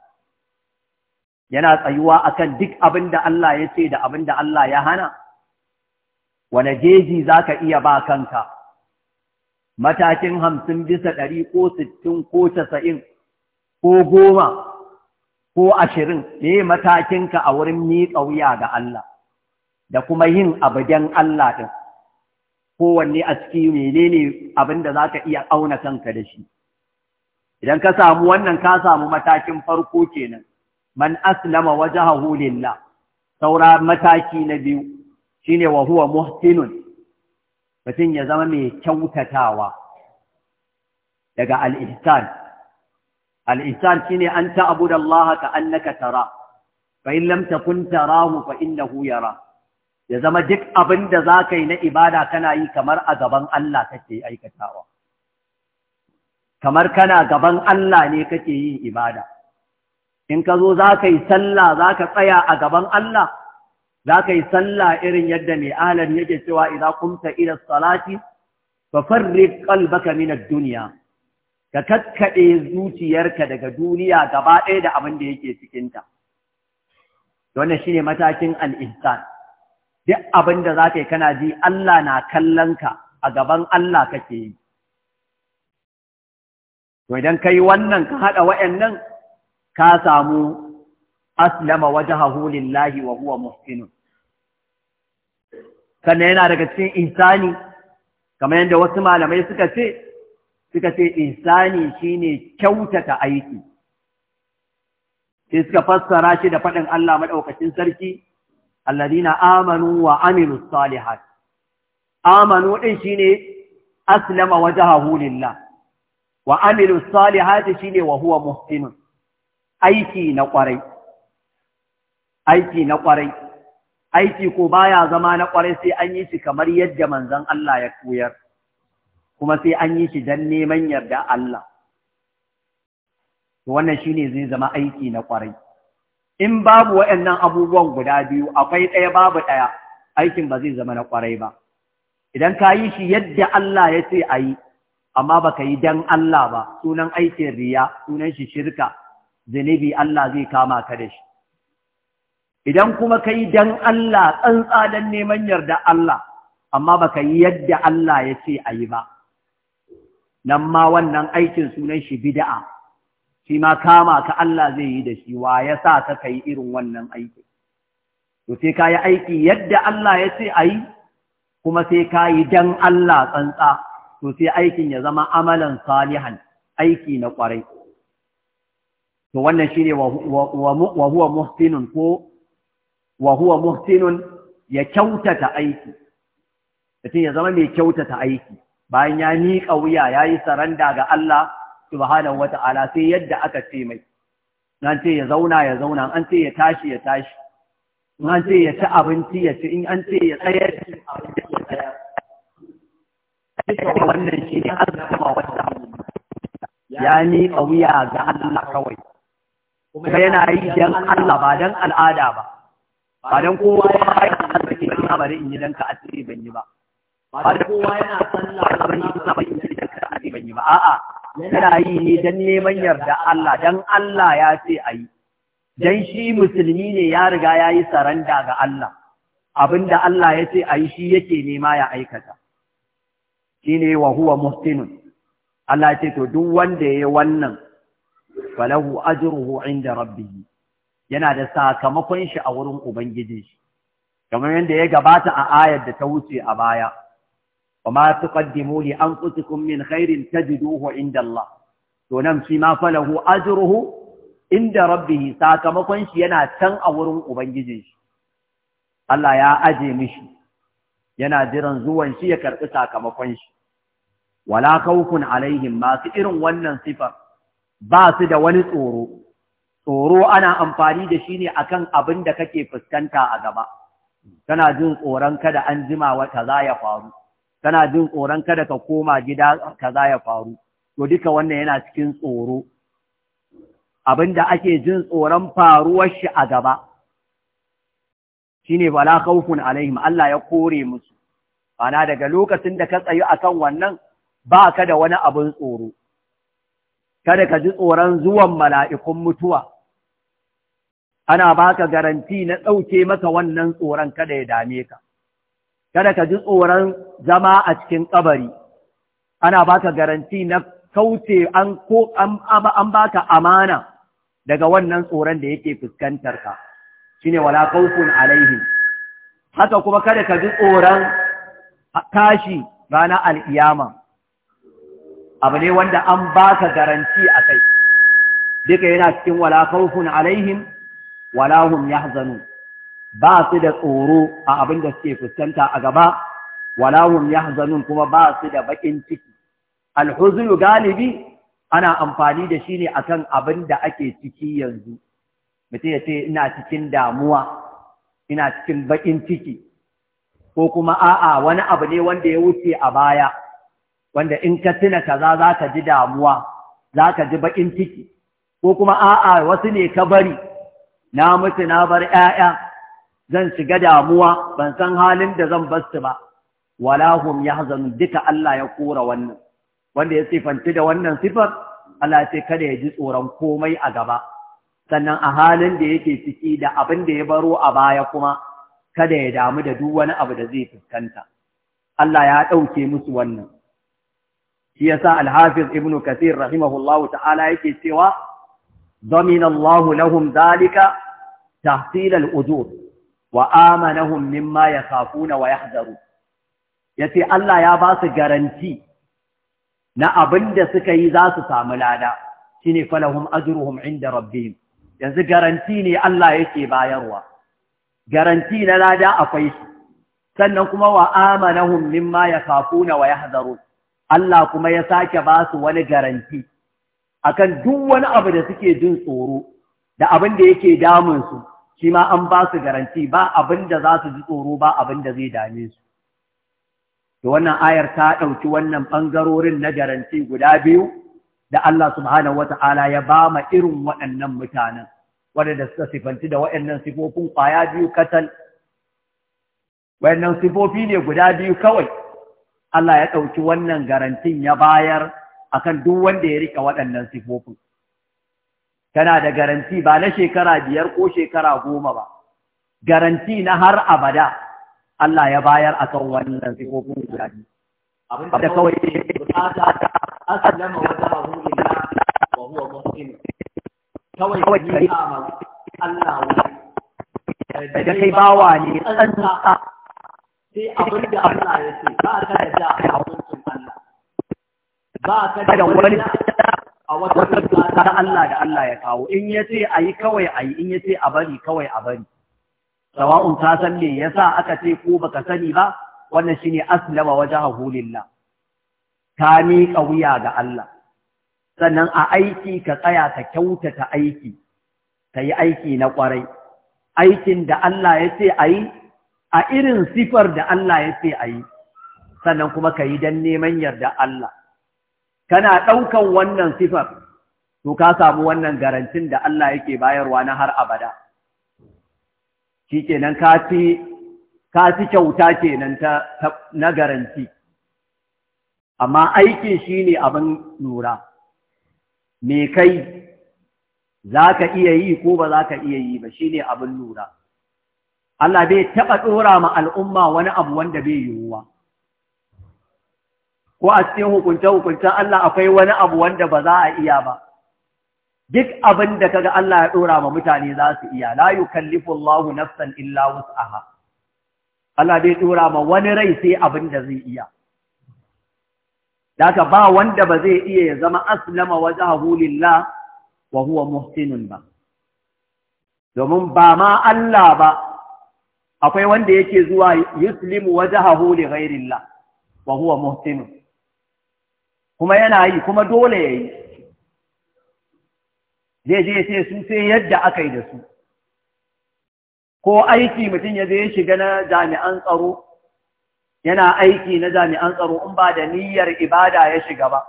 yana tsayuwa akan duk abin da Allah ya ce da abin da Allah ya hana wane jeji zaka iya ba kanka matakin hamsin bisa ɗari ko sittin ko casa'in ko goma ko ashirin ne matakinka a wurin miƙa wuya ga Allah da kuma yin abudan Allah ta, kowanne a ciki menene abin da za ka iya auna kanka da shi. Idan ka samu wannan ka samu matakin farko kenan, man aslama wajahahu lillah saura mataki na biyu shine wa huwa muhsinun mutum ya zama mai kyautatawa daga al-ihsan shine an ta'budallaha ka annaka tara fa in lam takun tarahu fa innahu yara ya zama duk abin da za ka yi na ibada kana yi kamar a gaban Allah kake aikatawa kamar kana gaban Allah ne kake yi ibada in ka zo za ka yi sallah za ka tsaya a gaban Allah za ka yi sallah irin yadda mai alar yake cewa idan kumta ila salati ba farri kalbaka minar duniya, ka kakkaɗe zuciyarka daga duniya gaba ɗaya da abin da yake cikinta wannan ne matakin al duk abin da za ka yi kana ji Allah na kallon ka a gaban Allah kake yi to idan ka yi wannan ka haɗa wa'annan ka samu aslama hahulin lahi wa huwa muskinu. sannan yana daga cikin insani kamar yadda wasu malamai suka ce suka ce insani shine kyautata aiki sai suka fassara shi da faɗin Allah maɗaukacin sarki alladina amanu wa amilu salihat amanu din shine aslama wajhahu lillah wa amilu salihati shine wa huwa muhsinun aiki na kwarai aiki na kwarai aiki ko baya zama na kwarai sai an yi shi kamar yadda manzon Allah ya koyar kuma sai an yi shi dan neman yarda Allah wannan shine zai zama aiki na kwarai in babu waɗannan abubuwan guda biyu akwai ɗaya babu ɗaya aikin ba zai zama na ƙwarai ba idan ka yi shi yadda Allah ya ce a yi amma baka yi dan Allah ba sunan aikin riya sunan shi shirka zunubi Allah zai kama ka da shi idan kuma ka yi dan Allah tsantsa dan neman yarda Allah amma baka yi yadda Allah ya ce a yi ba nan ma wannan aikin sunan shi bida'a. shi ma kama ka Allah zai yi da shi wa ya sa ka kai irin wannan aiki to sai ka yi aiki yadda Allah ya ce a yi kuma sai ka yi don Allah tsantsa to sai aikin ya zama amalan salihan aiki na kwarai to wannan shi wa huwa muhsinun ko wa huwa ya kyautata aiki ce ya zama mai kyautata aiki bayan ya miƙa wuya ya yi saranda ga Allah subhanahu wata'ala sai yadda aka ce mai an ce ya zauna ya zauna an ce ya tashi ya tashi an ce ya ci abinci ya ci in an ce ya tsaya ya ci abinci ya tsaya cikin wannan shi ne an zama wata ya ni wuya ga Allah kawai kuma yana yi don Allah ba don al'ada ba ba don kowa ya yi kan da ke bari in yi don ka asiri ban yi ba ba don kowa yana sallah ban yi ba in yi don ban yi ba a'a yana yi ne don neman yarda Allah don Allah ya ce ayi Don shi musulmi ne ya riga ya yi saranda ga Allah Abin da Allah ya ce a yi shi yake nema ya aikata ne wa huwa muhtinun, Allah ce to duk wanda ya yi wannan falahu ajruhu inda rabbi yana da sakamakon shi a wurin ubangiji shi kamar yadda ya gabata a ayar da ta wuce a baya وما تقدموا لأنفسكم من خير تجدوه عند الله تنمشي ما فله أجره عند ربه ساكمكن شينا تن أورن أبنجيش الله يا أجي مشي ينا جرن زوان شي يكرق ساكمكن شي ولا خوف عليهم ما سئر ونن صفر باسد ونصورو tsoro ana amfani da shi ne akan abin da kake fuskanta a gaba kana jin tsoron kada an jima wata za ya faru kana jin tsoron kada ka koma gida kaza ya faru to duka wannan yana cikin tsoro Abin abinda ake jin tsoron faruwar shi a gaba shine wala khawfun alaihim Allah ya kore musu ana daga lokacin da ka tsayi akan wannan ba ka da wani abin tsoro kada ka ji tsoron zuwan mala'ikun mutuwa ana baka garanti na ɗauke maka wannan tsoron kada ya dame ka kada ka ji tsoron zama a cikin kabari ana baka garanti na kauce an ko an baka amana daga wannan tsoron da yake fuskantar ka shine wala khawfun alaihi haka kuma kada ka ji tsoron tashi ranar al'iyama abu ne wanda an baka garanti a kai duka yana cikin wala khawfun alaihim wala hum yahzanun ba su da tsoro a abin da suke fuskanta a gaba walawun ya yahzanun kuma ba su da bakin ciki alhuznu galibi ana amfani da shi ne akan abin da ake ciki yanzu mutum ya ce ina cikin damuwa ina cikin bakin ciki ko kuma a'a wani abu ne wanda ya wuce a baya wanda in ka tuna kaza za ka ji damuwa za ka ji bakin ciki ko kuma a'a wasu ne ka bari na mutu na bar 'ya'ya zan shiga damuwa ban san halin da zan basu ba wala hum yahzanun duka Allah ya kora wannan wanda ya sifanti da wannan sifar Allah sai ce kada ya ji tsoron komai a gaba sannan a halin da yake ciki da abin da ya baro a baya kuma kada ya damu da duk wani abu da zai fuskanta Allah ya ɗauke musu wannan shi yasa al-Hafiz Ibn Kathir rahimahullahu ta'ala yake cewa Zaminallahu lahum لهم ذلك تحصيل wa ya mimma yakhafuna wa yahzaru yace Allah ya basu garanti na abinda suka yi za su samu lada shine falahum ajruhum inda Rabbi yanzu garanti ne Allah yake bayarwa garanti na lada akwai shi sannan kuma wa amanahum mimma yakhafuna wa yahzaru Allah kuma ya sake basu wani garanti akan duk wani abu da suke jin tsoro da abinda da yake damun su shi ma an ba su garanti ba abin da za su ji tsoro ba abin da zai dame su to wannan ayar ta ɗauki wannan ɓangarorin na garanti guda biyu da Allah subhanahu wata'ala ya ba ma irin waɗannan mutanen waɗanda suka sifanti da waɗannan sifofin ƙwaya biyu katal waɗannan sifofi ne guda biyu kawai Allah ya ɗauki wannan garantin ya bayar akan duk wanda ya riƙe waɗannan sifofin tana da garanti ba na shekara biyar ko shekara goma ba garanti na har abada Allah ya bayar a akan wannan sifofin guda biyu abin da kawai bukata ta aslama wa zahu lillah wa huwa muslim kawai ni amal Allah wa da kai bawa ne tsanta sai abin da Allah ya ce ba ka da da hukuncin Allah ba ka da wani a wata ta Allah da Allah ya kawo in ya ce a yi kawai a yi in ya ce a bari kawai a bari sawa'un ta san me yasa aka ce ko baka sani ba wannan shine aslama wajen hulilla? ka miƙa wuya ga Allah sannan a aiki ka tsaya ka kyautata aiki ka yi aiki na ƙwarai aikin da Allah ya ce a yi a irin sifar da Allah ya ce a yi sannan kuma ka yi don neman yarda Allah kana ɗaukan wannan sifar to ka samu wannan garantin da Allah yake bayarwa na har abada Shi kenan ka ci kyauta kenan na garanti amma aikin shine abin lura me kai za ka iya yi ko ba za ka iya yi ba shi ne abin lura. Allah bai taɓa ɗora ma al'umma wani abu wanda bai yiwuwa. ko a cikin hukunce-hukuncen Allah akwai wani abu wanda ba za a iya ba duk abin da kaga Allah ya ɗora ma mutane za su iya la kallifin Allahu nafsan illa aha. Allah dai ɗora ma wani rai sai abin da zai iya Daka ba wanda ba zai iya ya zama aslama wajhahu lillah wa huwa muhsinun ba domin ba ma Allah ba akwai wanda yake zuwa yuslimu waje li ghairillah wa huwa muhsinun kuma yana yi kuma dole ya yi zai je sai su sai yadda aka yi da su ko aiki mutum ya zai shiga na jami'an tsaro yana aiki na jami'an tsaro in ba da niyyar ibada ya shiga ba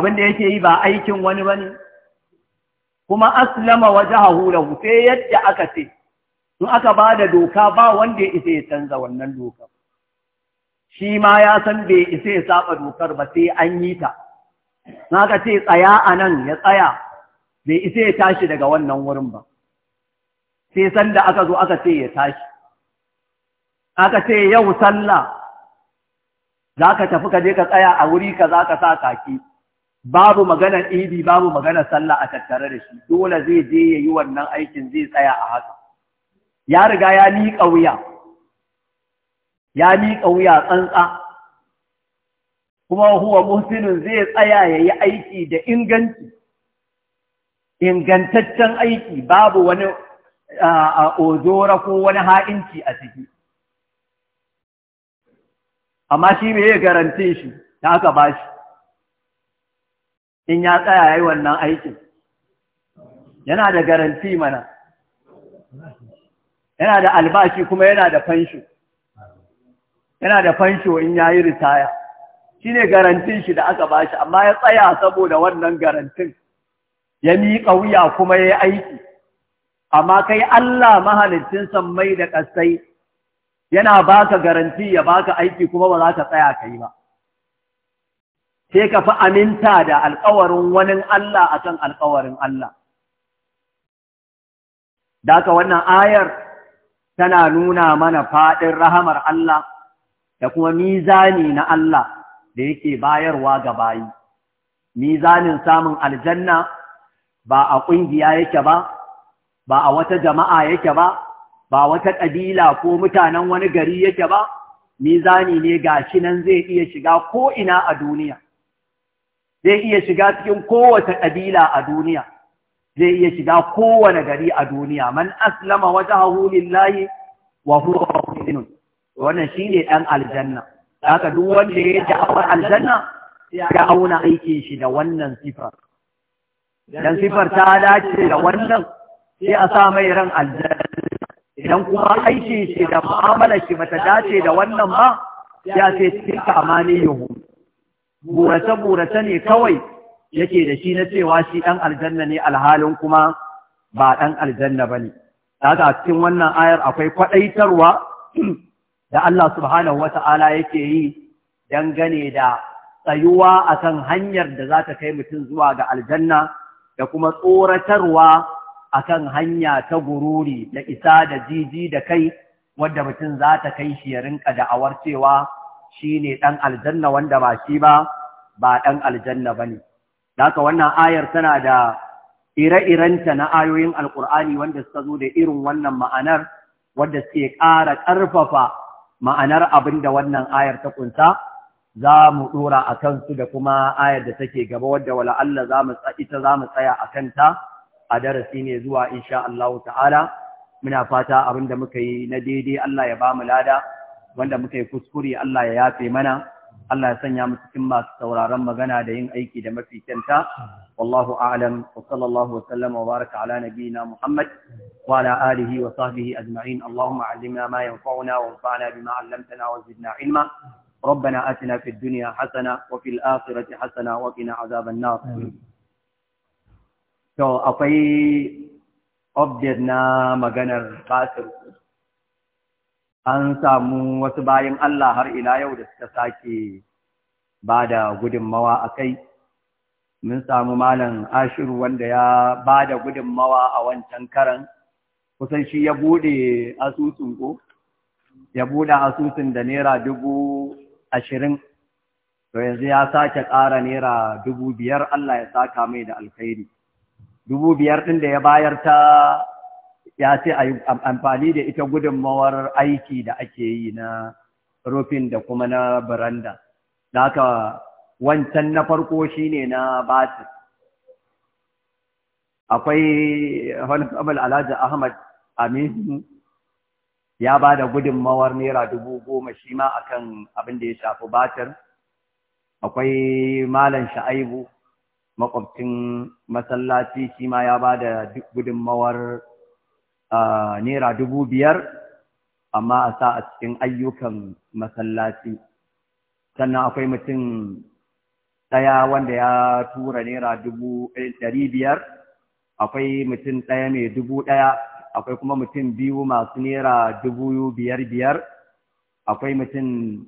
abin da yake yi ba aikin wani ne. kuma aslama wajahahu lahu sai yadda aka ce in aka ba da doka ba wanda ya isa ya canza wannan doka shi ma ya san bai isa ya saba dokar ba sai an yi ta na ka ce tsaya a nan ya tsaya bai isa ya tashi daga wannan wurin ba sai sanda aka zo aka ce ya tashi aka ce yau sallah za ka tafi ka je ka tsaya a wuri ka za ka sa kaki babu maganar idi babu maganar sallah a tattare da shi dole zai je ya yi wannan aikin zai tsaya a haka ya riga ya miƙa wuya ya miƙa wuya tsantsa kuma huwa muhsinin zai tsaya ya yi aiki da inganci ingantaccen aiki babu wani ozora ko wani ha'inci a ciki amma shi mai garanti shi ta aka ba shi in ya tsaya ya yi wannan aikin yana da garanti mana yana da albashi kuma yana da fanshi yana da fansho in ya yi ritaya shi ne garantin shi da aka ba shi amma ya tsaya saboda wannan garantin ya miƙa wuya kuma ya yi aiki amma kai Allah mahalicin sammai da ƙasai yana baka garanti ya baka aiki kuma ba za ka tsaya ka yi ba sai ka fi aminta da alkawarin wani Allah akan alkawarin Allah Daka wannan ayar tana nuna mana faɗin rahamar Allah da kuma mizani na Allah da yake bayarwa ga bayi mizanin samun aljanna ba a ƙungiya yake ba ba a wata jama'a yake ba ba wata ƙabila ko mutanen wani gari yake ba mizani ne ga shi nan zai iya shiga koina a duniya zai iya shiga cikin kowace ƙabila a duniya zai iya shiga kowane gari a duniya man aslama wajhahu lillahi wa huwa wannan shine ɗan aljanna haka duk wanda ya da'awar aljanna ya auna aikin shi da wannan sifar dan sifar ta dace da wannan sai a sa mai ran aljanna idan kuma aikin shi da mu'amalar shi bata dace da wannan ba ya ce tilka amaniyuhu burace burace ne kawai yake da shi na cewa shi ɗan aljanna ne alhalin kuma ba ɗan aljanna bane haka a cikin wannan ayar akwai kwaɗaitarwa da Allah subhanahu ta'ala yake yi dangane da tsayuwa akan hanyar da za ta kai mutum zuwa ga aljanna da kuma tsoratarwa akan hanya ta gururi da isa da jiji da kai wadda mutum za ta kai shi ya rinka da'awar cewa shi ne ɗan aljanna wanda ba shi ba ba ɗan aljanna ba ne. Daka wannan ayar tana da ire-irenta na ayoyin Alƙur'ani wanda suka zo da irin wannan ma'anar wadda suke ƙara ƙarfafa ma'anar abin da wannan ayar ta kunsa za mu dora a kansu da kuma ayar da take gaba wadda wala Allah za mu ita za mu tsaya a kanta a darasi ne zuwa insha Allah ta'ala muna fata abin da muka yi na daidai Allah ya ba mu lada wanda muka yi kuskure Allah ya yafe mana Allah ya sanya mu cikin masu sauraron magana da yin aiki da mafi kyanta wallahu a'lam wa sallallahu wa sallama wa baraka ala nabiyyina Muhammad wa ala alihi wa sahbihi ajma'in Allahumma 'allimna ma yanfa'una wa anfa'na bima 'allamtana wa zidna ilma ربنا آتنا في الدنيا حسنة وفي الآخرة حسنة وقنا عذاب النار to akwai update na maganar kasir an samu wasu bayan Allah har ila yau da suka sake ba da gudunmawa a kai. Mun samu Malam Ashiru wanda ya ba da gudunmawa a wancan karan, kusan shi ya bude asusun ko? Ya bude asusun da Naira dubu ashirin, to yanzu ya sake ƙara Naira dubu biyar Allah ya saka mai da alkhairi. Dubu biyar ɗin da ya bayar ta ya ce a yi amfani da ita gudunmawar aiki da ake yi na rufin da kuma na baranda. Da ka wancan na farko shi ne na batin. Akwai Honorable Alhaji Ahmad Aminu ya ba da gudunmawar Naira dubu goma shi ma akan abin da ya shafi batir. Akwai Malam Sha'aibu makwabcin masallaci shi ma ya ba da gudunmawar naira dubu biyar amma a sa a cikin ayyukan masallaci sannan akwai mutum ɗaya wanda ya tura naira dubu eh, ɗari biyar akwai mutum ɗaya mai dubu ɗaya akwai kuma mutum biyu masu naira dubu biyar biyar akwai mutum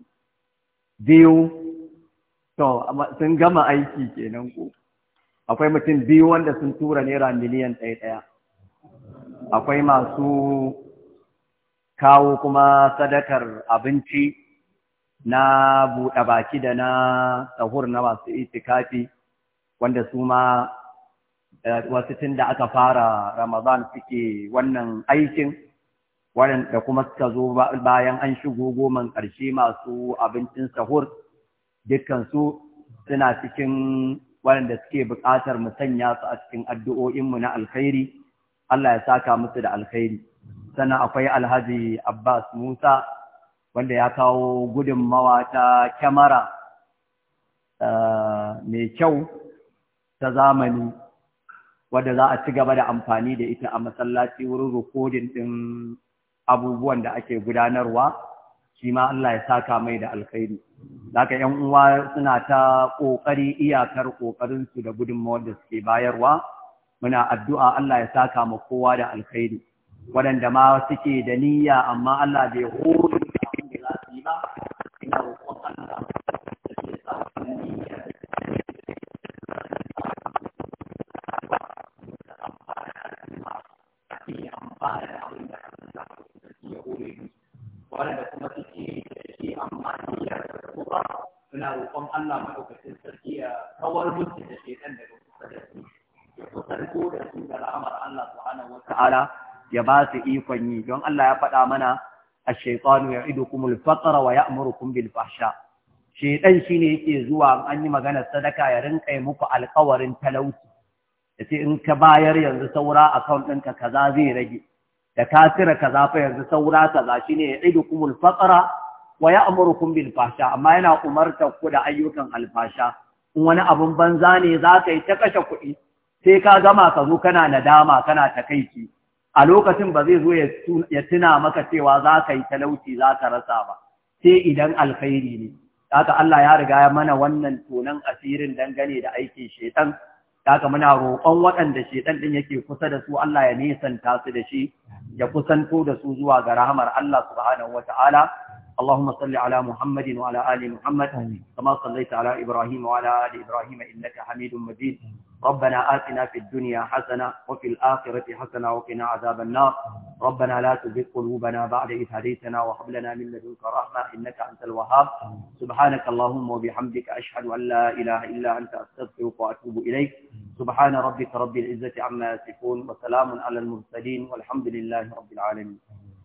biyu to sun gama aiki kenan ko akwai mutum biyu wanda sun tura naira miliyan ɗaya ɗaya akwai masu kawo kuma sadakar abinci na buɗe baki da na sahur na masu itikafi wanda su ma eh, wasu tun da aka fara Ramadan suke wannan aikin waɗanda kuma suka zo bayan an shigo goman ƙarshe masu abincin sahur dukkansu suna cikin waɗanda suke buƙatar mu sanya su a cikin addu'o'inmu na alkhairi Allah ya saka musu da alkhairi sannan akwai alhaji Abbas Musa wanda ya kawo gudunmawa ta kyamara eh, mai kyau ta zamani wadda za a ci gaba da amfani da ita a masallaci wurin rikodin ɗin abubuwan da ake gudanarwa shi ma Allah ya saka mai da alkhairi zaka yan uwa suna ta ƙoƙari iyakar ƙoƙarinsu da gudunmawar da suke bayarwa muna addu'a Allah ya saka mu kowa da alkhairi waɗanda ma suke da niyya amma Allah bai hori da abin da za su yi ba ina roƙon Allah waɗanda kuma suke da shi amma niyya da kuma suna roƙon Allah maɗaukaki ya ba su ikon yi don Allah ya faɗa mana ash-shaytanu kuma faqra wa ya'murukum bil fahsha shine yake zuwa an yi magana sadaka ya rinka yi muku alƙawarin talauci ce in ka bayar yanzu saura account ɗinka kaza zai rage da ka tira kaza fa yanzu saura kaza shine ya'idukumul faqra wa ya'murukum bil amma yana umartar ku da ayyukan alfasha in wani abun banza ne ka yi ta kashe kuɗi sai ka gama ka zo kana nadama kana takaici a lokacin ba zai zo ya tuna maka cewa za ka yi talauci za ka rasa ba sai idan alkhairi ne haka Allah ya riga ya mana wannan tonan asirin dangane da aikin shaiɗan. haka muna roƙon waɗanda shaiɗan ɗin yake kusa da su Allah ya nisanta su da shi ya kusanto da su zuwa ga rahamar Allah subhanahu wataala اللهم صل على محمد وعلى آل محمد كما صليت على إبراهيم وعلى آل إبراهيم إنك حميد مجيد ربنا آتنا في الدنيا حسنة وفي الآخرة حسنة وقنا عذاب النار ربنا لا تزغ قلوبنا بعد إذ هديتنا وهب لنا من لدنك رحمة إنك أنت الوهاب سبحانك اللهم وبحمدك أشهد أن لا إله إلا أنت أستغفرك وأتوب إليك سبحان ربك رب العزة عما يصفون وسلام على المرسلين والحمد لله رب العالمين